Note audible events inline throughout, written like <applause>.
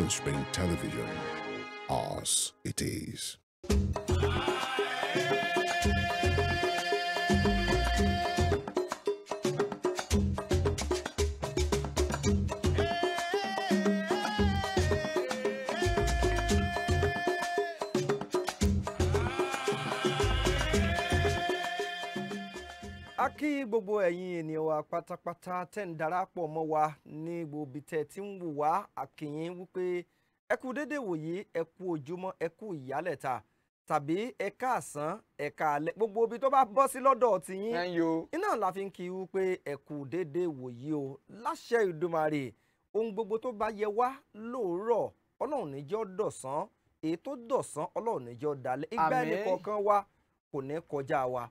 On Spring Television. Ours it is. kí Bobo ẹ̀yin pátápátá tẹ̀ ń darapọ̀ mọ́ wa ní gbogbo tẹ̀ tí ń wò wá àkìyìn wípé ẹ kú dédé wòyí ẹ kú ojúmọ́ ẹ kú ìyálẹ̀ta tàbí ẹ káàsán ẹ káalẹ́ gbogbo ibi tó bá bọ́ sí lọ́dọ̀ tiyín iná la fi ń kí wípé ẹ kú dédé wòyí o láṣẹ Ìdùmarè ohun gbogbo tó bá yẹ wá lóòrọ̀ Ọlọ́run níjọ́ dọ̀sán èyí tó dọ̀sán Ọlọ́run níjọ́ dalẹ́ ìgbà ẹnì kọ̀ọ̀kan wa kò ní kọjá wa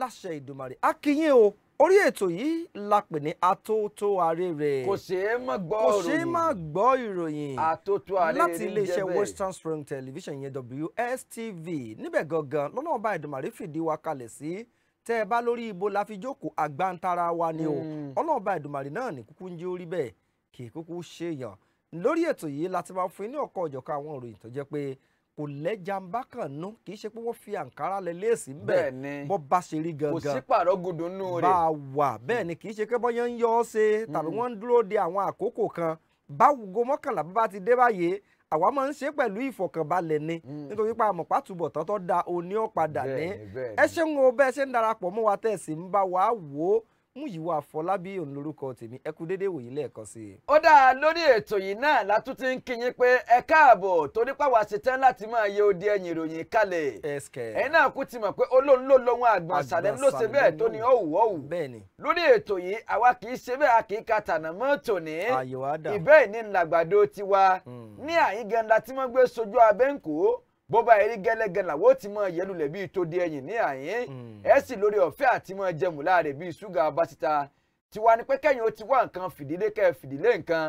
láṣẹ Ìdùmarè a o orí ètò yìí la pè ní atótó arére kò ṣeé má gbọ́ ìròyìn kò ṣeé má gbọ́ ìròyìn atótó arére láti iléeṣẹ́ Western Spring Television yẹn WSTV níbẹ̀ gangan lọ́nà ọba ìdùnmàrí fìdí wa kalẹ̀ sí tẹ́ ẹ bá lórí ibo la fi jókòó àgbántara wa ni o hmm. ọ̀nà ọba ìdùnmàrí náà ní kúkú ń jẹ́ orí bẹ́ẹ̀ kì í kúkú ṣèyàn lórí ètò yìí láti máa fún yín ní ọ̀kọ̀ ọ̀jọ̀kan àwọn ìròyìn tó jẹ́ pé kò lẹ́jà ń bá kàn nú kì í ṣe pé wọ́n fi àǹkárá lẹ léèsì ń bẹ̀ bọ́ bá ṣe rí gangan kò sí pààrọ̀ gòdò nù rẹ̀ bá a wà bẹ́ẹ̀ ni kì í ṣe pé bọ́yá ń yọ ọ́ ṣe hmm. tàbí wọ́n ń dúró de àwọn àkókò kan báwo go mọ́kànlá bá bá ti dé báyìí àwa máa ń ṣe pẹ̀lú ìfọ̀kànbalẹ̀ ni hmm. nítorí pé àmọ̀pá túbọ̀ tọ́tọ́ da oní ní ẹ ṣeun o bẹ́ẹ̀ ṣe ń darapọ̀ mọ́ wa tẹ̀sí ń bá wa wò ó Múyìwá Afọlábí òun lórúkọ tèmi ẹ kú déédéé wòyí lẹ́ẹ̀kan sí i. ó dáa lórí ètò yìí náà la tún ti ń kíyìn pé ẹ káàbọ̀ torí pàwọ́ àṣetán láti máa yẹ odi ẹ̀yìn ìròyìn kalẹ̀. ẹ̀yin náà kú ti mọ̀ pé olóhùn ló lóhun àgbà sàlẹ̀ ló ṣe bẹ́ẹ̀ tó ní ọ̀wù ọ̀wù. lórí ètò yìí àwa kì í ṣe bẹ́ẹ̀ a kì í ka tànà mọ́ hmm. ní àyínganda bó bá erí gẹ́lẹ́gẹ́ làwọn ó ti mọ ìyẹ́lulẹ̀ bíi tó di ẹ̀yìn ní àyín hmm. ẹ̀ sì lórí ọ̀fẹ́ àti mọ jẹun láàrẹ̀ bíi ṣúgà basita tiwa ni pé kẹ́yìn ó ti wá nǹkan fìdílé kẹ́ fìdílé nǹkan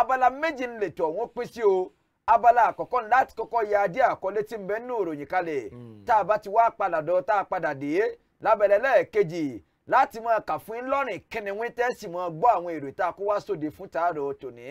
abala méjì ń lètò ọ̀hún pín sí o abala àkọ́kọ́ láti kọ́kọ́ ya adé àkọlé tí ń bẹ nínú òròyìn kalẹ̀ hmm. tá a bá ti wá padà dọ̀ tá a padà dé lábẹ́lẹ́ lẹ́ẹ̀kejì láti mọ kà fún yín lọ́rìn kẹ́niwín tẹ́sí mọ gbọ́ àwọn èrò tá a kó wá sóde fún tààrọ̀ tòní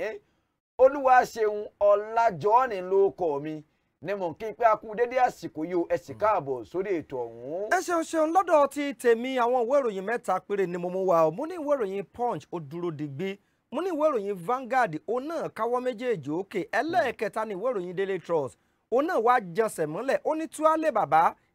olúwa ṣeun ọ̀làjọ́ ni ló kọ́ mi ni mò ń kí pé a kú dédé àsìkò yìí o ẹ sì hmm. káàbọ̀ sórí ètò ọ̀hún. ẹ ṣeun ṣeun lọ́dọ̀ ti tèmi àwọn ìwé ìròyìn mẹ́ta péré ni mo mú wa o mo ní ìwé ìròyìn punch ó dúró digbí mo ní ìwé ìròyìn Vanguard òun náà káwọ́ méjèèjì òkè ẹlẹ́ẹ̀kẹta ní ìwé ìròyìn Daily Trust òun náà wá jẹsẹ̀ mọ́lẹ̀ ó ní túwálé bàbá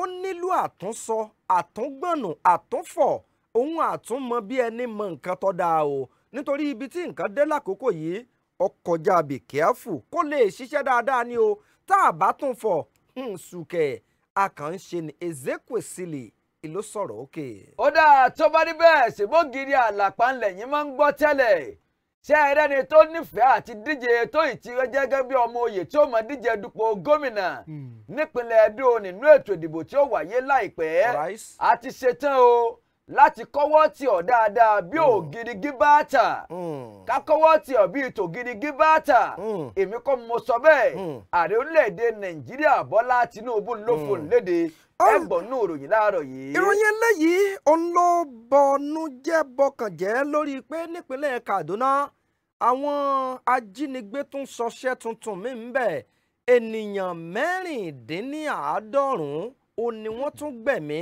ó nílò àtúnsọ àtúngbọ̀nù àtúnfọ̀ òun àtúnmọ bí ẹni mọ nǹkan tó dáa o nítorí ibi tí nǹkan dé lákòókò yìí ọkọjá bìkẹ́fù kó lè ṣiṣẹ́ dáadáa ni o tá a bá tún fọ̀ nsùkẹ́ a kàn ń ṣe ní Ezekwesili ìlú sọ̀rọ̀ òkè. ó dáa tó bá rí bẹ́ẹ̀ ṣèbó gírí àlàpà ńlẹ̀ yín máa ń gbọ́ tẹ́lẹ̀ ṣé ni tó nífẹ̀ẹ́ àti díje tó ìtirẹ́ gẹ́gẹ́ bí ọmọ oyè tí ó mọ díje dupò gómìnà hmm. nípínlẹ̀ Edo nínú ètò ìdìbò tí ó wáyé láìpẹ́ àti ṣetán o láti kọ́wọ́ tì ọ dáadáa bí hmm. ògiri gíbáàtà hmm. bí tògiri gíbáàtà èmi kọ́ mo sọ bẹ́ẹ̀ ààrẹ orílẹ̀-èdè Nàìjíríà Tinubu ló fòun léde láàárọ̀ yìí. ìròyìn eléyìí bọnú jẹ́ bọkànjẹ́ lórí Kaduna àwọn ajínigbé tún sọṣẹ́ tuntun míì ń bẹ̀ ènìyàn mẹ́rìndínláàádọ́rùn-ún ó ní wọ́n tún gbẹ̀mí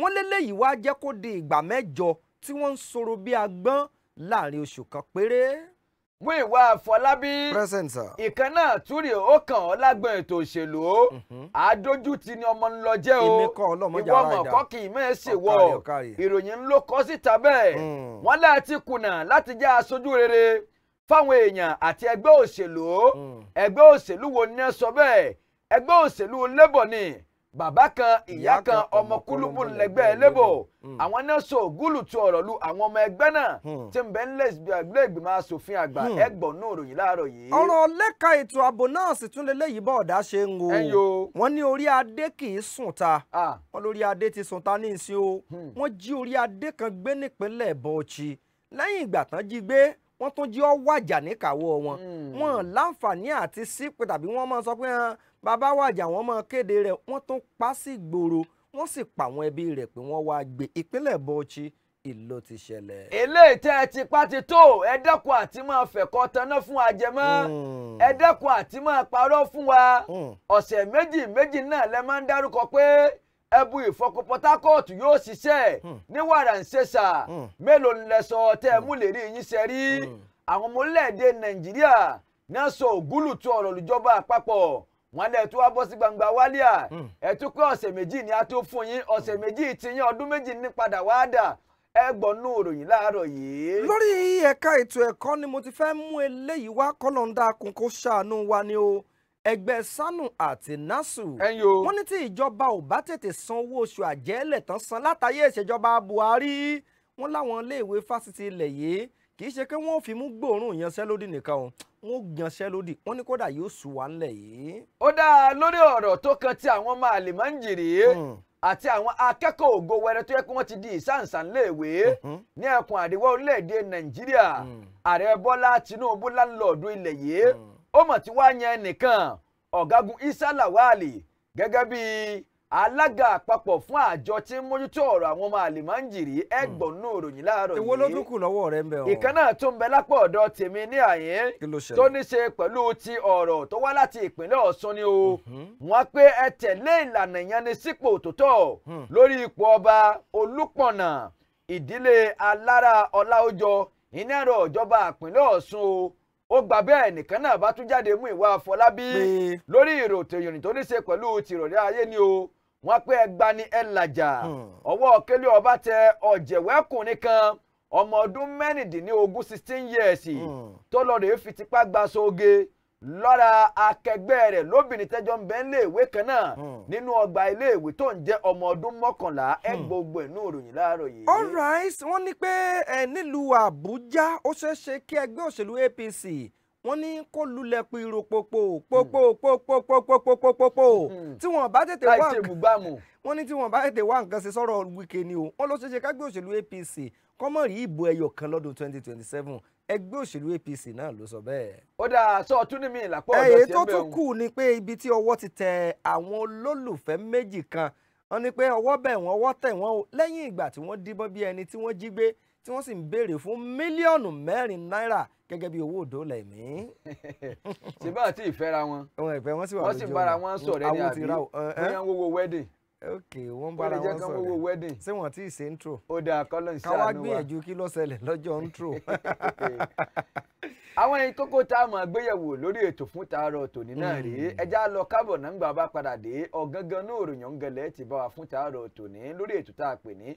wọ́n lélẹ́yìí wá jẹ́ kó di ìgbà mẹ́jọ tí wọ́n ń sọ̀rọ̀ bí agbọ́n láàrin oṣù kan péré. wíwá àfọlábí ìkan náà túrì ó kàn ọ́ lágbọ̀n ètò òṣèlú mhm. àdójútì ni ọmọ ń lọ jẹ́ o ìwọ mọ̀kọ́ kì í wọ ìròyìn ló kọ́ síta bẹ́ẹ̀ hmm. wọ́n láti kùnà láti jẹ́ aṣojú rere fáwọn èèyàn àti ẹgbẹ́ òṣèlú hmm. ẹgbẹ́ òṣèlú wo ni ẹ sọ bẹ́ẹ̀ ẹgbẹ́ òṣèlú labour ni bàbá kan ìyá kan ọmọ kúlùkù lẹgbẹ́ labour hmm. àwọn náà sọ ògúlù tu ọ̀rọ̀ lu àwọn ọmọ ẹgbẹ́ náà hmm. tí ń bẹ nílẹ̀ ìgbìmọ̀ asòfin àgbà ẹgbọ̀n náà ròyìn láàárọ̀ yìí. ọ̀rọ̀ lẹ́ka ètò ààbò náà sì tún lélẹ́yìí bọ́ ọ̀dá ṣe ń wo wọ́n ní orí adé kì í sùn ta wọ́n lórí adé ti sùn ta ní ìsìn o wọ́n jí orí adé kan gbé nípínlẹ̀ Bauchi lẹ́yìn ìgbà tán jí gbé wọ́n tún jí ọ́ wàjà níkàwọ́ wọn hmm. wọn láǹfààní àti sípò tàbí wọ́n máa sọ pé bàbá wàjà wọ́n máa kéde rẹ̀ wọ́n tún pa sí gbòòrò wọ́n sì pa àwọn ẹbí rẹ̀ pé wọ́n wá gbé ìpínlẹ̀ Bauchi ìlò ti ṣẹlẹ̀. eléyìí tẹ́ ti pa ti tó ẹ àti máa fẹ̀kọ́ tanná fún ajẹmọ́ hmm. ẹ dẹ́kun àti máa parọ́ fún wa hmm. ọ̀sẹ̀ méjì méjì náà lẹ máa ń dárúkọ pé ẹbu ìfọkù Port Harcourt yóò ṣiṣẹ́ hmm. ní wàràǹṣeṣà hmm. mélòó ńlẹsọ tẹ ẹ hmm. mú lè rí yín ṣe rí àwọn ọmọlẹ́ẹ̀dẹ́ nàìjíríà náà sọ ògúlùtù ọ̀rọ̀ olùjọba àpapọ̀ wọn lè tó wá bọ́ sí gbangba wálíà ẹ̀tún pé ọ̀sẹ̀ méjì ni a tó fún yín ọ̀sẹ̀ méjì ti yín ọdún méjì ní padà wá dà ẹ gbọ́nú ìròyìn láàárọ̀ yìí. lórí ẹ̀ka ètò ẹ̀kọ́ ni mo ti fẹ́ mú eléyìí wá kọ́lọ́ńdà kún kó ṣàánú wa ni o. ẹgbẹ́ sanu àti nasu wọ́n ní tí ìjọba ò bá tètè san owó oṣù àjẹ́lẹ̀ tán san látàyè ìṣèjọba Buhari wọ́n láwọn iléèwé fásitì ilẹ̀ yìí kì í ṣe pé wọ́n ò fi mú gbòòrùn yanṣẹ́lódì nìkan o wọ́n yanṣẹ́lódì wọ́n ní kódà yóò sùn wá ńlẹ̀ yìí. ó dáa lórí ọ̀rọ̀ tó kan ti àwọn ọmọ àlìmọ́ǹjìrì hmm. àti àwọn akẹ́kọ̀ọ́ ògo wẹrẹ tó yẹ kí wọ́n ti di ìsáǹsán léèwé hmm. ní ẹkùn àríwá orílẹ̀-èdè Nàìjíríà hmm. ààrẹ Bọ́lá Tinubu láńlọ́ọ̀dù ilẹ̀ yìí. Mm o mọ̀ tí wàá nye nìkan ọ̀gágun Isa Lawali gẹ́gẹ́ bí alága àpapọ̀ fún àjọ tí ń mójútó ọ̀rọ̀ àwọn ọmọ àlìmáǹjìrì ẹgbọ̀nú hmm. òròyìn láàárọ̀ yìí. èwo ló dúnkù lọ́wọ́ rẹ ń bẹ̀ ọ́. ìkan tó ń bẹ lápò ọ̀dọ̀ tèmi ní àyè tó ní ṣe pẹ̀lú ti ọ̀rọ̀ tó wá láti ìpínlẹ̀ Ọ̀ṣun ni o. Hmm. wọ́n pé ẹ tẹ̀lé ìlànà ìyanisípò hmm. lórí ipò ọba ìdílé Alára ó gbà bẹ́ẹ̀ nìkan náà bá tún jáde mú ìwà Àfọlábí lórí ìròtò ìròyìn tó ní ṣe pẹ̀lú tìrọ̀lẹ́ ayé ni o wọ́n pé ẹgbà ni ẹ làjà hmm. ọwọ́ kélé ọba tẹ ọ̀jẹ̀wẹ́kùnrin kan ọmọ ọdún mẹ́rìndínlógún sixteen years hmm. tó lọ rèé fi tipá gba sóge lọ́ra akẹgbẹ́ rẹ̀ lóbìnrin tẹ́jọ́ ń bẹ ń léèwé kan náà hmm. nínú ọgbà iléèwé tó ń jẹ́ ọmọ ọdún mọ́kànlá ẹ hmm. gbogbo inú ìròyìn láàárọ̀ yìí. all right wọ́n ní pé ẹ nílùú àbújá ó ṣeé ṣe kí ẹgbẹ́ òṣèlú apc wọ́n ní kó lulẹ̀ piro popo hmm. popo popo popo popo popo tí wọ́n bá tètè wá wọ́n ní tí wọ́n bá tètè wá nǹkan ṣe sọ̀rọ̀ wike ni o wọ́n ló ṣeé ṣe kágbé òṣèlú apc kọ́mọ̀rí ìbò ẹyọ kan lọ́dún twenty twenty seven ẹgbẹ́ òṣèlú APC náà ló sọ bẹ́ẹ̀. ó dáa sọ ọtún ní mi ìlàpọ̀ ọ̀dọ̀ sí ẹgbẹ́ òun. èyí tó tún kù ni pé ibi tí ọwọ́ ti tẹ àwọn olólùfẹ́ méjì kan wọ́n ní pé ọwọ́ bẹ̀ wọ́n ọwọ́ tẹ̀ wọ́n o lẹ́yìn ìgbà tí wọ́n díbọ́n bí ẹni tí wọ́n jí gbé tí wọ́n sì ń béèrè fún mílíọ̀nù mẹ́rin náírà gẹ́gẹ́ bí owó òdòlẹ̀ mí. ṣùgbọ́n àti ìfẹ́ra wọn. wọ́n sì bára wọn sọ̀rẹ́ ní àbí ok wọ́n bára wọn sọ̀rọ̀ ṣé wọ́n ti ṣe intro. ó dáa kọ́lọ́ ń ṣàánú wa káwá gbìyànjú kí ló ṣẹlẹ̀ lọ́jọ́ intro. <laughs> àwọn ẹyin kókó tá a ikoko gbéyẹ̀wò lórí ètò lori eto tòní náà rèé hmm. ẹja lọ kábọ̀ náà ń gbà bá padà dé ọ̀gángan náà ti bá wa fún tàárọ̀ tòní lórí ètò tá a pè ní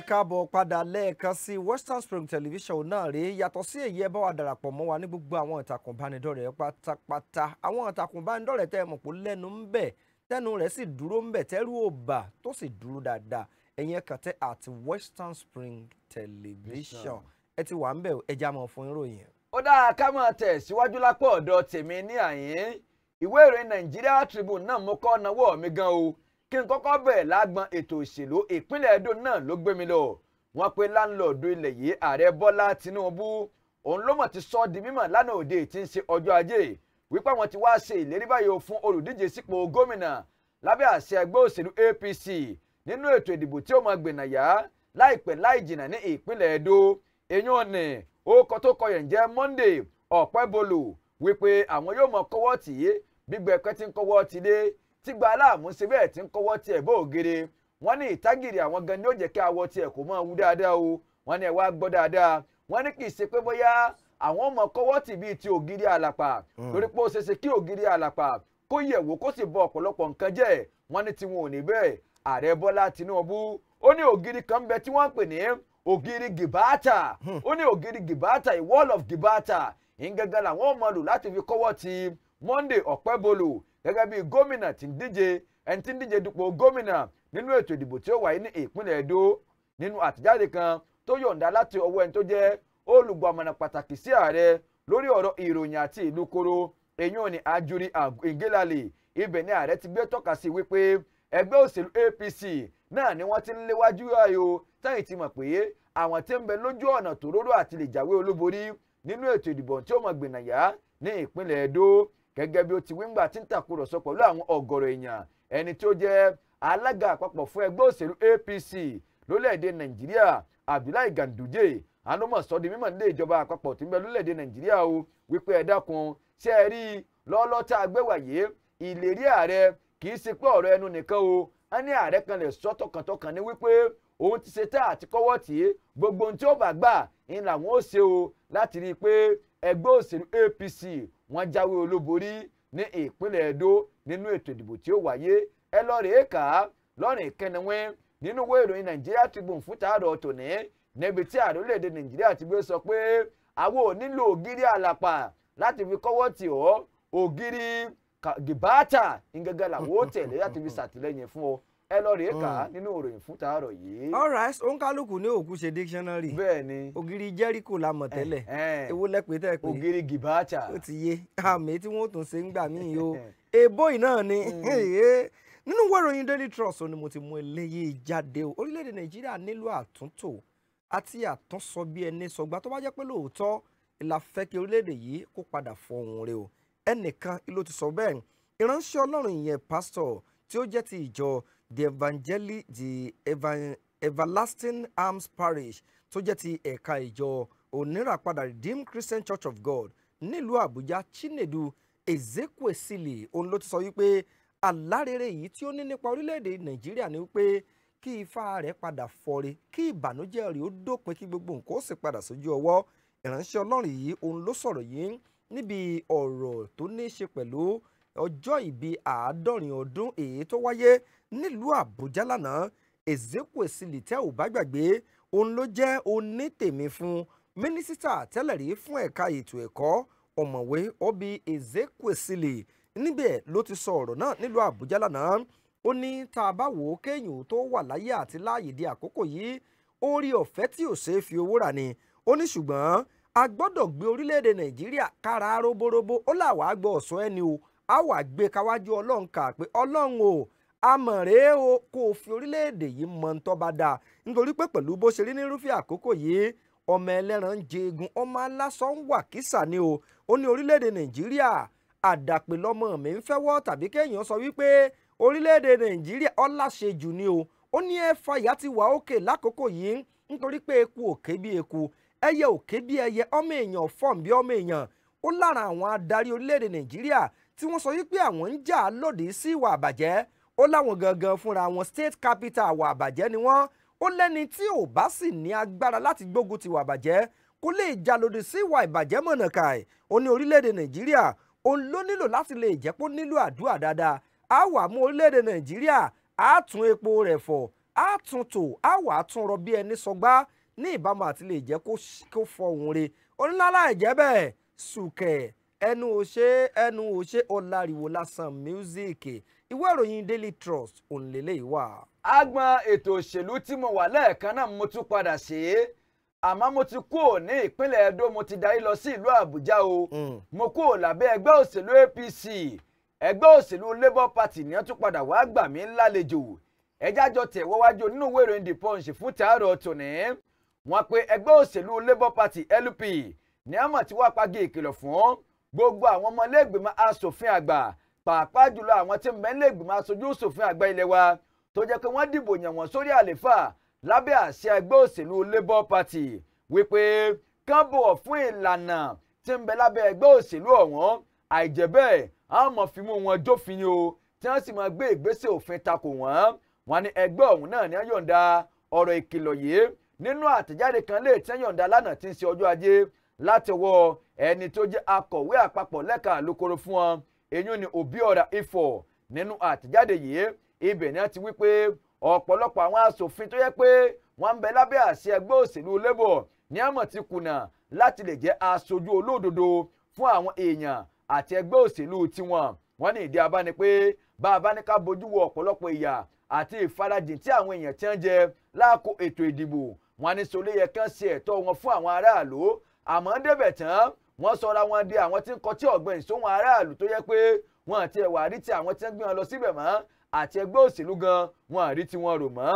ní káàbọ̀ padà lẹ́ẹ̀kan sí Western Spring Television náà rèé yàtọ̀ sí èyí ẹ bá wa dàràpọ̀ mọ́ wa ní gbogbo àwọn ìtàkùn ìbánidọ́rẹ̀ẹ́ pátápátá àwọn ìtàkùn ìbánidọ́rẹ̀ẹ́ tẹ́ ẹ mọ̀ pé lẹ́nu ń bẹ̀ tẹ́nu rẹ̀ sì dúró ń bẹ̀ tẹ́rù ò bà tó sì dúró dáadáa ẹ̀yin ẹ tẹ́ àti Western Spring Television ẹ ti wà ń bẹ̀ ẹja mọ̀ fún ìròyìn. ó dáa ká máa tẹ̀ síwájú lápò ọ̀dọ̀ tèmi ní àyín ìwé ìròyìn Nigeria kí n kọ́kọ́ bẹ̀ lágbọn ètò òṣèlú ìpínlẹ̀ Edo náà ló gbé mi lọ wọ́n pe láńlọ́ọ̀dù ilẹ̀ yìí ààrẹ Bọ́lá Tinubu òun ló mọ̀ ti sọ di mímọ̀ lánàá òde tí ń ṣe ọjọ́ ajé wípé àwọn ti wá ṣe ìlérí báyìí fún olùdíje sípò gómìnà lábẹ́ àṣẹ ẹgbẹ́ òṣèlú APC nínú ètò ìdìbò tí ó máa gbìnàyà láìpẹ́ láì jìnnà ní ìpínlẹ̀ Edo èyí ò ní tó kọ yẹn jẹ́ Monday Ọ̀pẹ́bolú wípé àwọn yóò mọ kọ́wọ́ tì í gbígbẹ́ pẹ́ tí ń kọ́wọ́ ti dé tí gba aláàmú ṣe bẹ́ẹ̀ tí ń kọ́wọ́ tiẹ̀ bó ògèrè wọ́n ní ìtágìrì àwọn gan ni ó jẹ́ kí awọ tiẹ̀ kò mọ́ wú dáadáa o wọ́n ní ẹ wá gbọ́ dáadáa wọ́n ní kì í ṣe pé bóyá àwọn ọmọ kọ́wọ́ tì bíi ti ògiri àlàpà hmm. torí pé ó ṣe ṣe kí ògiri àlàpà kó yẹ̀wò kó sì bọ ọ̀pọ̀lọpọ̀ nǹkan jẹ́ wọ́n ní tiwọn ò ní bẹ́ẹ̀ ààrẹ Bọ́lá Tinubu ó ní ògiri kan bẹ tí wọ́n pè ní ògiri gibata hmm. ó ní ògiri gibata wall of gibata ìgangan làwọn ọmọ lò láti fi kọ́wọ́ ti Monday ọ̀pẹ́bolo gẹ́gẹ́ bí gómìnà tí ń díje ẹni tí ń díje dupò gómìnà nínú ètò ìdìbò tí ó wáyé ní ìpínlẹ̀ Èdó nínú àtẹ̀jáde kan tó yọ̀ǹda láti ọwọ́ ẹni tó jẹ́ olùgbàmọ̀nà pàtàkì sí ààrẹ lórí ọ̀rọ̀ ìròyìn àti ìlúkoro èyàn ní Ajuri Ngelale ibẹ̀ ni ààrẹ ti gbé tọ́ka sí wípé ẹgbẹ́ òṣèlú APC náà ni wọ́n ti ń léwájú ayò táyì ti mọ̀ pé àwọn tí ń bẹ lójú ọ̀nà tòróró àti lè jáwé olúborí nínú ètò ìdìbò tí ó mọ̀ gbìnàyà ní ìpínlẹ̀ Edo gẹ́gẹ́ bí ó ti wí ńgbà tí ń tàkúrọ̀sọ pẹ̀lú àwọn ọ̀gọ̀rọ̀ èèyàn ẹni tó jẹ́ alága àpapọ̀ fún ẹgbẹ́ òṣèlú APC lólẹ̀‐èdè Nàìjíríà Abdullahi Ganduje anumọ̀sọ́ di mímọ̀ nílé ìjọba àpapọ̀ tí ń bẹ lólẹ̀‐èdè Nàìjíríà o wípé ẹ dákun ṣé ẹ rí lọ́ọ́lọ́ tá a gbé wàyé ìlérí ààrẹ kì í ṣe pé ọ̀rọ̀ ẹnu nìkan o á ní ààrẹ kan lè sọ tọkàntọkàn ní wípé òun ti ṣe tá àti kọ́wọ́ tì í gbogbo ohun tí ó bá gbà ń làwọn ó ṣe o láti rí i pé ẹgbẹ́ òṣèlú APC wọ́n jáwé olúborí ní ìpínlẹ̀ Edo nínú ètò ìdìbò tí ó wáyé ẹ lọ rèé kà á lọ́rìn kẹniwín nínú ìwé ìròyìn Nàìjíríà Tribune fún tààrọ̀ tòní níbi tí ààrẹ orílẹ̀-èdè Nàìjíríà ti gbé sọ pé àwọn ò nílò ògiri àlàpà láti fi kọ́wọ́ tì ọ́ ògiri gìbáàtà ìgangan làwọn ó tẹ̀lé láti fi ṣàtìlẹ́yìn fún ọ ẹ lọ rèé kà á hmm. nínú ìròyìn fún tàárọ̀ yìí. alright òǹkálùkù ní òkú ṣe dictionary. bẹ́ẹ̀ni. ògiri jẹ́ríkò la mọ̀ eh, tẹ́lẹ̀. Eh. ewo lẹ́pẹ́ tẹ́ pé. ògiri gìbáàtà. ó ti yé àmì tí wọ́n tún ṣe ń gbà mí o. <laughs> èbó náà ni hmm. <laughs> nínú wọ́ròyìn daily trust ni mo ti mú eléyìí jáde o orílẹ̀-èdè nàìjíríà nílò àtúntò àti àtúnsọ bí ẹni sọgbà tó bá jẹ́ pé lóòótọ́ la fẹ́ kí orílẹ̀-èdè yìí kó padà fọhùn rẹ̀ o ẹnìkan ló ti sọ bẹ́ẹ̀ ìránṣẹ́ ọlọ́run ìyẹn pásítọ̀ tí ó jẹ́ ti ìjọ the evangeli the evan everlasting arms parish tó jẹ́ ti ẹ̀ka ìjọ oníràpadà redeemed christian church of god nílùú àbújá chinedu ezekwesili òun ló ti sọ wípé alárèrè yìí tí ó ní nípa orílẹ̀-èdè nàìjíríà ni wípé kí ifá rẹ̀ padà fọ́re kí ìbànújẹ́ rẹ̀ ó dópin kí gbogbo nǹkan ó sì padà sójú ọwọ́ ìránṣẹ́ ọlọ́run yìí òun ló sọ̀rọ̀ yìí níbi ọ̀rọ̀ tó ní í ṣe pẹ̀lú ọjọ́ ìbí àádọ́rin ọdún èyí tó wáyé nílùú àbújá lánàá Ezekwesili-Tew ò bá gbàgbé òun ló jẹ́ onítèmi fún mínísítà tẹ́lẹ̀rí fún ẹ̀ka ètò ẹ̀kọ́ ọ̀mọ̀wé Obi Ezekwesili níbẹ̀ ló ti sọ ọ̀rọ̀ náà nílùú àbújá lánàá ó ní tá a bá wò ó kéèyàn tó wà láyé àti láàyè di àkókò yìí orí ọ̀fẹ́ tí ò ṣeé fi owó rà ni ó ní ṣùgbọ́n a gbọ́dọ̀ gbé orílẹ̀-èdè nàìjíríà kára roborobo ó làwà á gbọ́ ọ̀sán ẹni o á wà gbé káwájú ọlọ́run kà pé ọlọ́run o àmọ́ rèé o kò fi orílẹ̀-èdè yìí mọ ntọ́ bá dáa nítorí pé pẹ̀lú bó ṣe rí ní irúfẹ́ àkókò yìí ọmọ ẹlẹ́ran ń jẹgun ọmọ aláṣọ ń wà kísà ni o ó ní orílẹ̀-èdè nàìjíríà àdàpè lọ́mọ mi ń tàbí kéèyàn sọ wípé orílẹ̀-èdè nàìjíríà ni o ó ní ti wà òkè lákòókò yìí nítorí eku òkè bí eku ẹyẹ òkè bí ẹyẹ ọmọ èèyàn bí ọmọ èèyàn ó lára àwọn adarí orílẹ̀-èdè nàìjíríà tí wọ́n sọ wípé àwọn ń jà lòdì sí ìwà àbàjẹ́ ó láwọn gangan fúnra wọn state capital àwọ̀ àbàjẹ́ ni wọ́n ó lẹ́ni tí ò bá sì ní agbára láti gbógun ti wà bàjẹ́ kó lè jà lòdì sí ìwà ìbàjẹ́ mọ̀nàkàì ó ní orílẹ̀-èdè nàìjíríà òun ló nílò láti lè jẹ́ pé ó nílò àdúrà dáadáa á wà mú orílẹ̀-èdè nàìjíríà á tún epo rẹ̀ fọ̀ á tún tò á wà á tún rọ bí ẹni sọgbá ní ìbámu àti lè jẹ́ kó fọhùn re onílàlá ẹ̀jẹ̀ bẹ́ẹ̀ sùkẹ̀ ẹnu òṣè ẹnu òṣè ọ̀làríwò lásán mísíkì ìwé ìròyìn Daily Trust òǹlẹ̀lẹ̀ ìwà. agbọn ètò òṣèlú tí mo wà lẹ́ẹ̀kan náà mo tún padà ṣe é àmọ́ mo ti kúrò ní ìpínlẹ̀ Edo mo ti darí lọ sí ìlú Àbújá o hmm. mo kúrò lábẹ́ ẹgbẹ́ òṣèlú APC ẹgbẹ́ òṣèlú Labour Party ni wọ́n tún padà wá gbà mí lálejò ẹjá jọ tẹ̀ wọ́wájú nínú ìwé ìròyìn The Punch fún tàárọ̀ tòní wọ́n pe ẹgbẹ́ òṣèlú Labour Party LP ní àmọ̀ tí wọ́n apagi ìkìlọ̀ fún gbogbo àwọn ọmọlẹ́gbẹ̀mọ asòfin àgbà pàápàá jùlọ àwọn tí mẹ́lẹ̀ ìgbìmọ̀ aṣojú ṣòfin àgbà ilé wa tó jẹ́ pé wọ́n dìbò yàn wọ́n sórí àléfà lábẹ́ àṣẹ ẹgbẹ́ òṣèlú Labour Party wípé kán bọ̀wọ̀ fún ìlànà tí ń bẹ lábẹ́ ẹgbẹ́ òṣèlú ọ̀hún àìjẹ́ bẹ́ẹ̀ àwọn mọ̀ fimú wọn jófin ni o tí wọ́n sì máa gbé ìgbésẹ̀ òfin takò wọ́n wọn ní ẹgbẹ́ ọ̀hún náà ní yọ̀ǹda ọ̀rọ̀ ìkìlọ̀ yìí nínú àtẹ̀jáde kan lè tí yọ̀ǹda lánàá tí ń ṣe ọjọ́ ajé láti wọ ẹni tó jẹ́ akọ̀wé àpapọ̀ lẹ́ka àlùkòrò fún wọn èyí ni Obiora Ifoh nínú àtẹ̀jáde yìí ibẹ̀ ni a ti wí pé ọ̀pọ̀lọpọ̀ àwọn asòfin tó yẹ pé wọ́n ń bẹ lábẹ́ àṣẹ ẹgbẹ́ òṣèlú Labour ní àmọ̀ ti kùnà láti lè jẹ́ aṣojú olódodo fún àwọn èèyàn àti ẹgbẹ́ òṣèlú tiwọn wọ́n ní ìdí abá pé bá a bá ní ká bójú wo ọ̀pọ̀lọpọ̀ ìyà àti ìfarajìn tí àwọn èèyàn ti ń jẹ láàkó ètò ìdìbò wọ́n ní sọlé yẹ kán ṣe ẹ̀tọ́ wọn fún àwọn aráàlú àmọ́ débẹ̀ tán wọ́n sọra wọn di àwọn tí ń kọtí ọ̀gbìn ìsóhun aráàlú tó yẹ pé wọn àti ẹ̀wà àrí ti àwọn tí ń gbé wọn lọ síbẹ̀ mọ́ àti ẹgbẹ́ òṣèlú gan wọn àrí ti wọn rò mọ́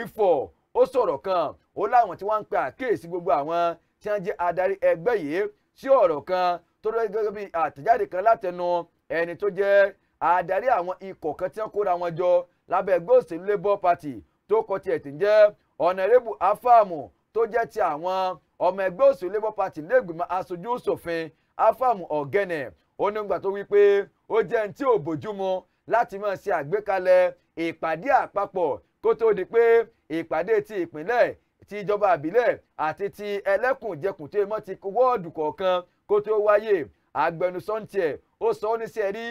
ifọ̀ ó sọ̀rọ̀ kan ó láwọn tí wọ́n ń pe àkíyèsí gbogbo àwọn tí wọ́n jẹ́ adarí ẹgbẹ́ yìí sí ọ̀rọ̀ kan tó rẹ́ gẹ́gẹ́ bí àtẹ̀jáde kan látẹnu ẹni tó jẹ́ adarí àwọn ikọ̀ kan tí wọ́n kóra wọn jọ Afamu tó jẹ́ ti ọmọ ẹgbẹ́ òṣèlú labour party lẹ́gbìmọ̀ aṣojú ṣòfin afam ọ̀gẹ́nẹ̀ ó ní gbà tó wí pé ó jẹ́ ní tí ò bójúmu láti máa ṣe àgbékalẹ̀ ìpàdé àpapọ̀ kó tó di pé ìpàdé ti ìpínlẹ̀ ti ìjọba àbílẹ̀ àti ti ẹlẹ́kùnjẹkùn tó mọ́ ti wọ́ọ̀dù kọ̀ọ̀kan kó tó wáyé agbẹnusọ ń tiẹ̀ ó sọ ọ́ ní sí ẹ̀rí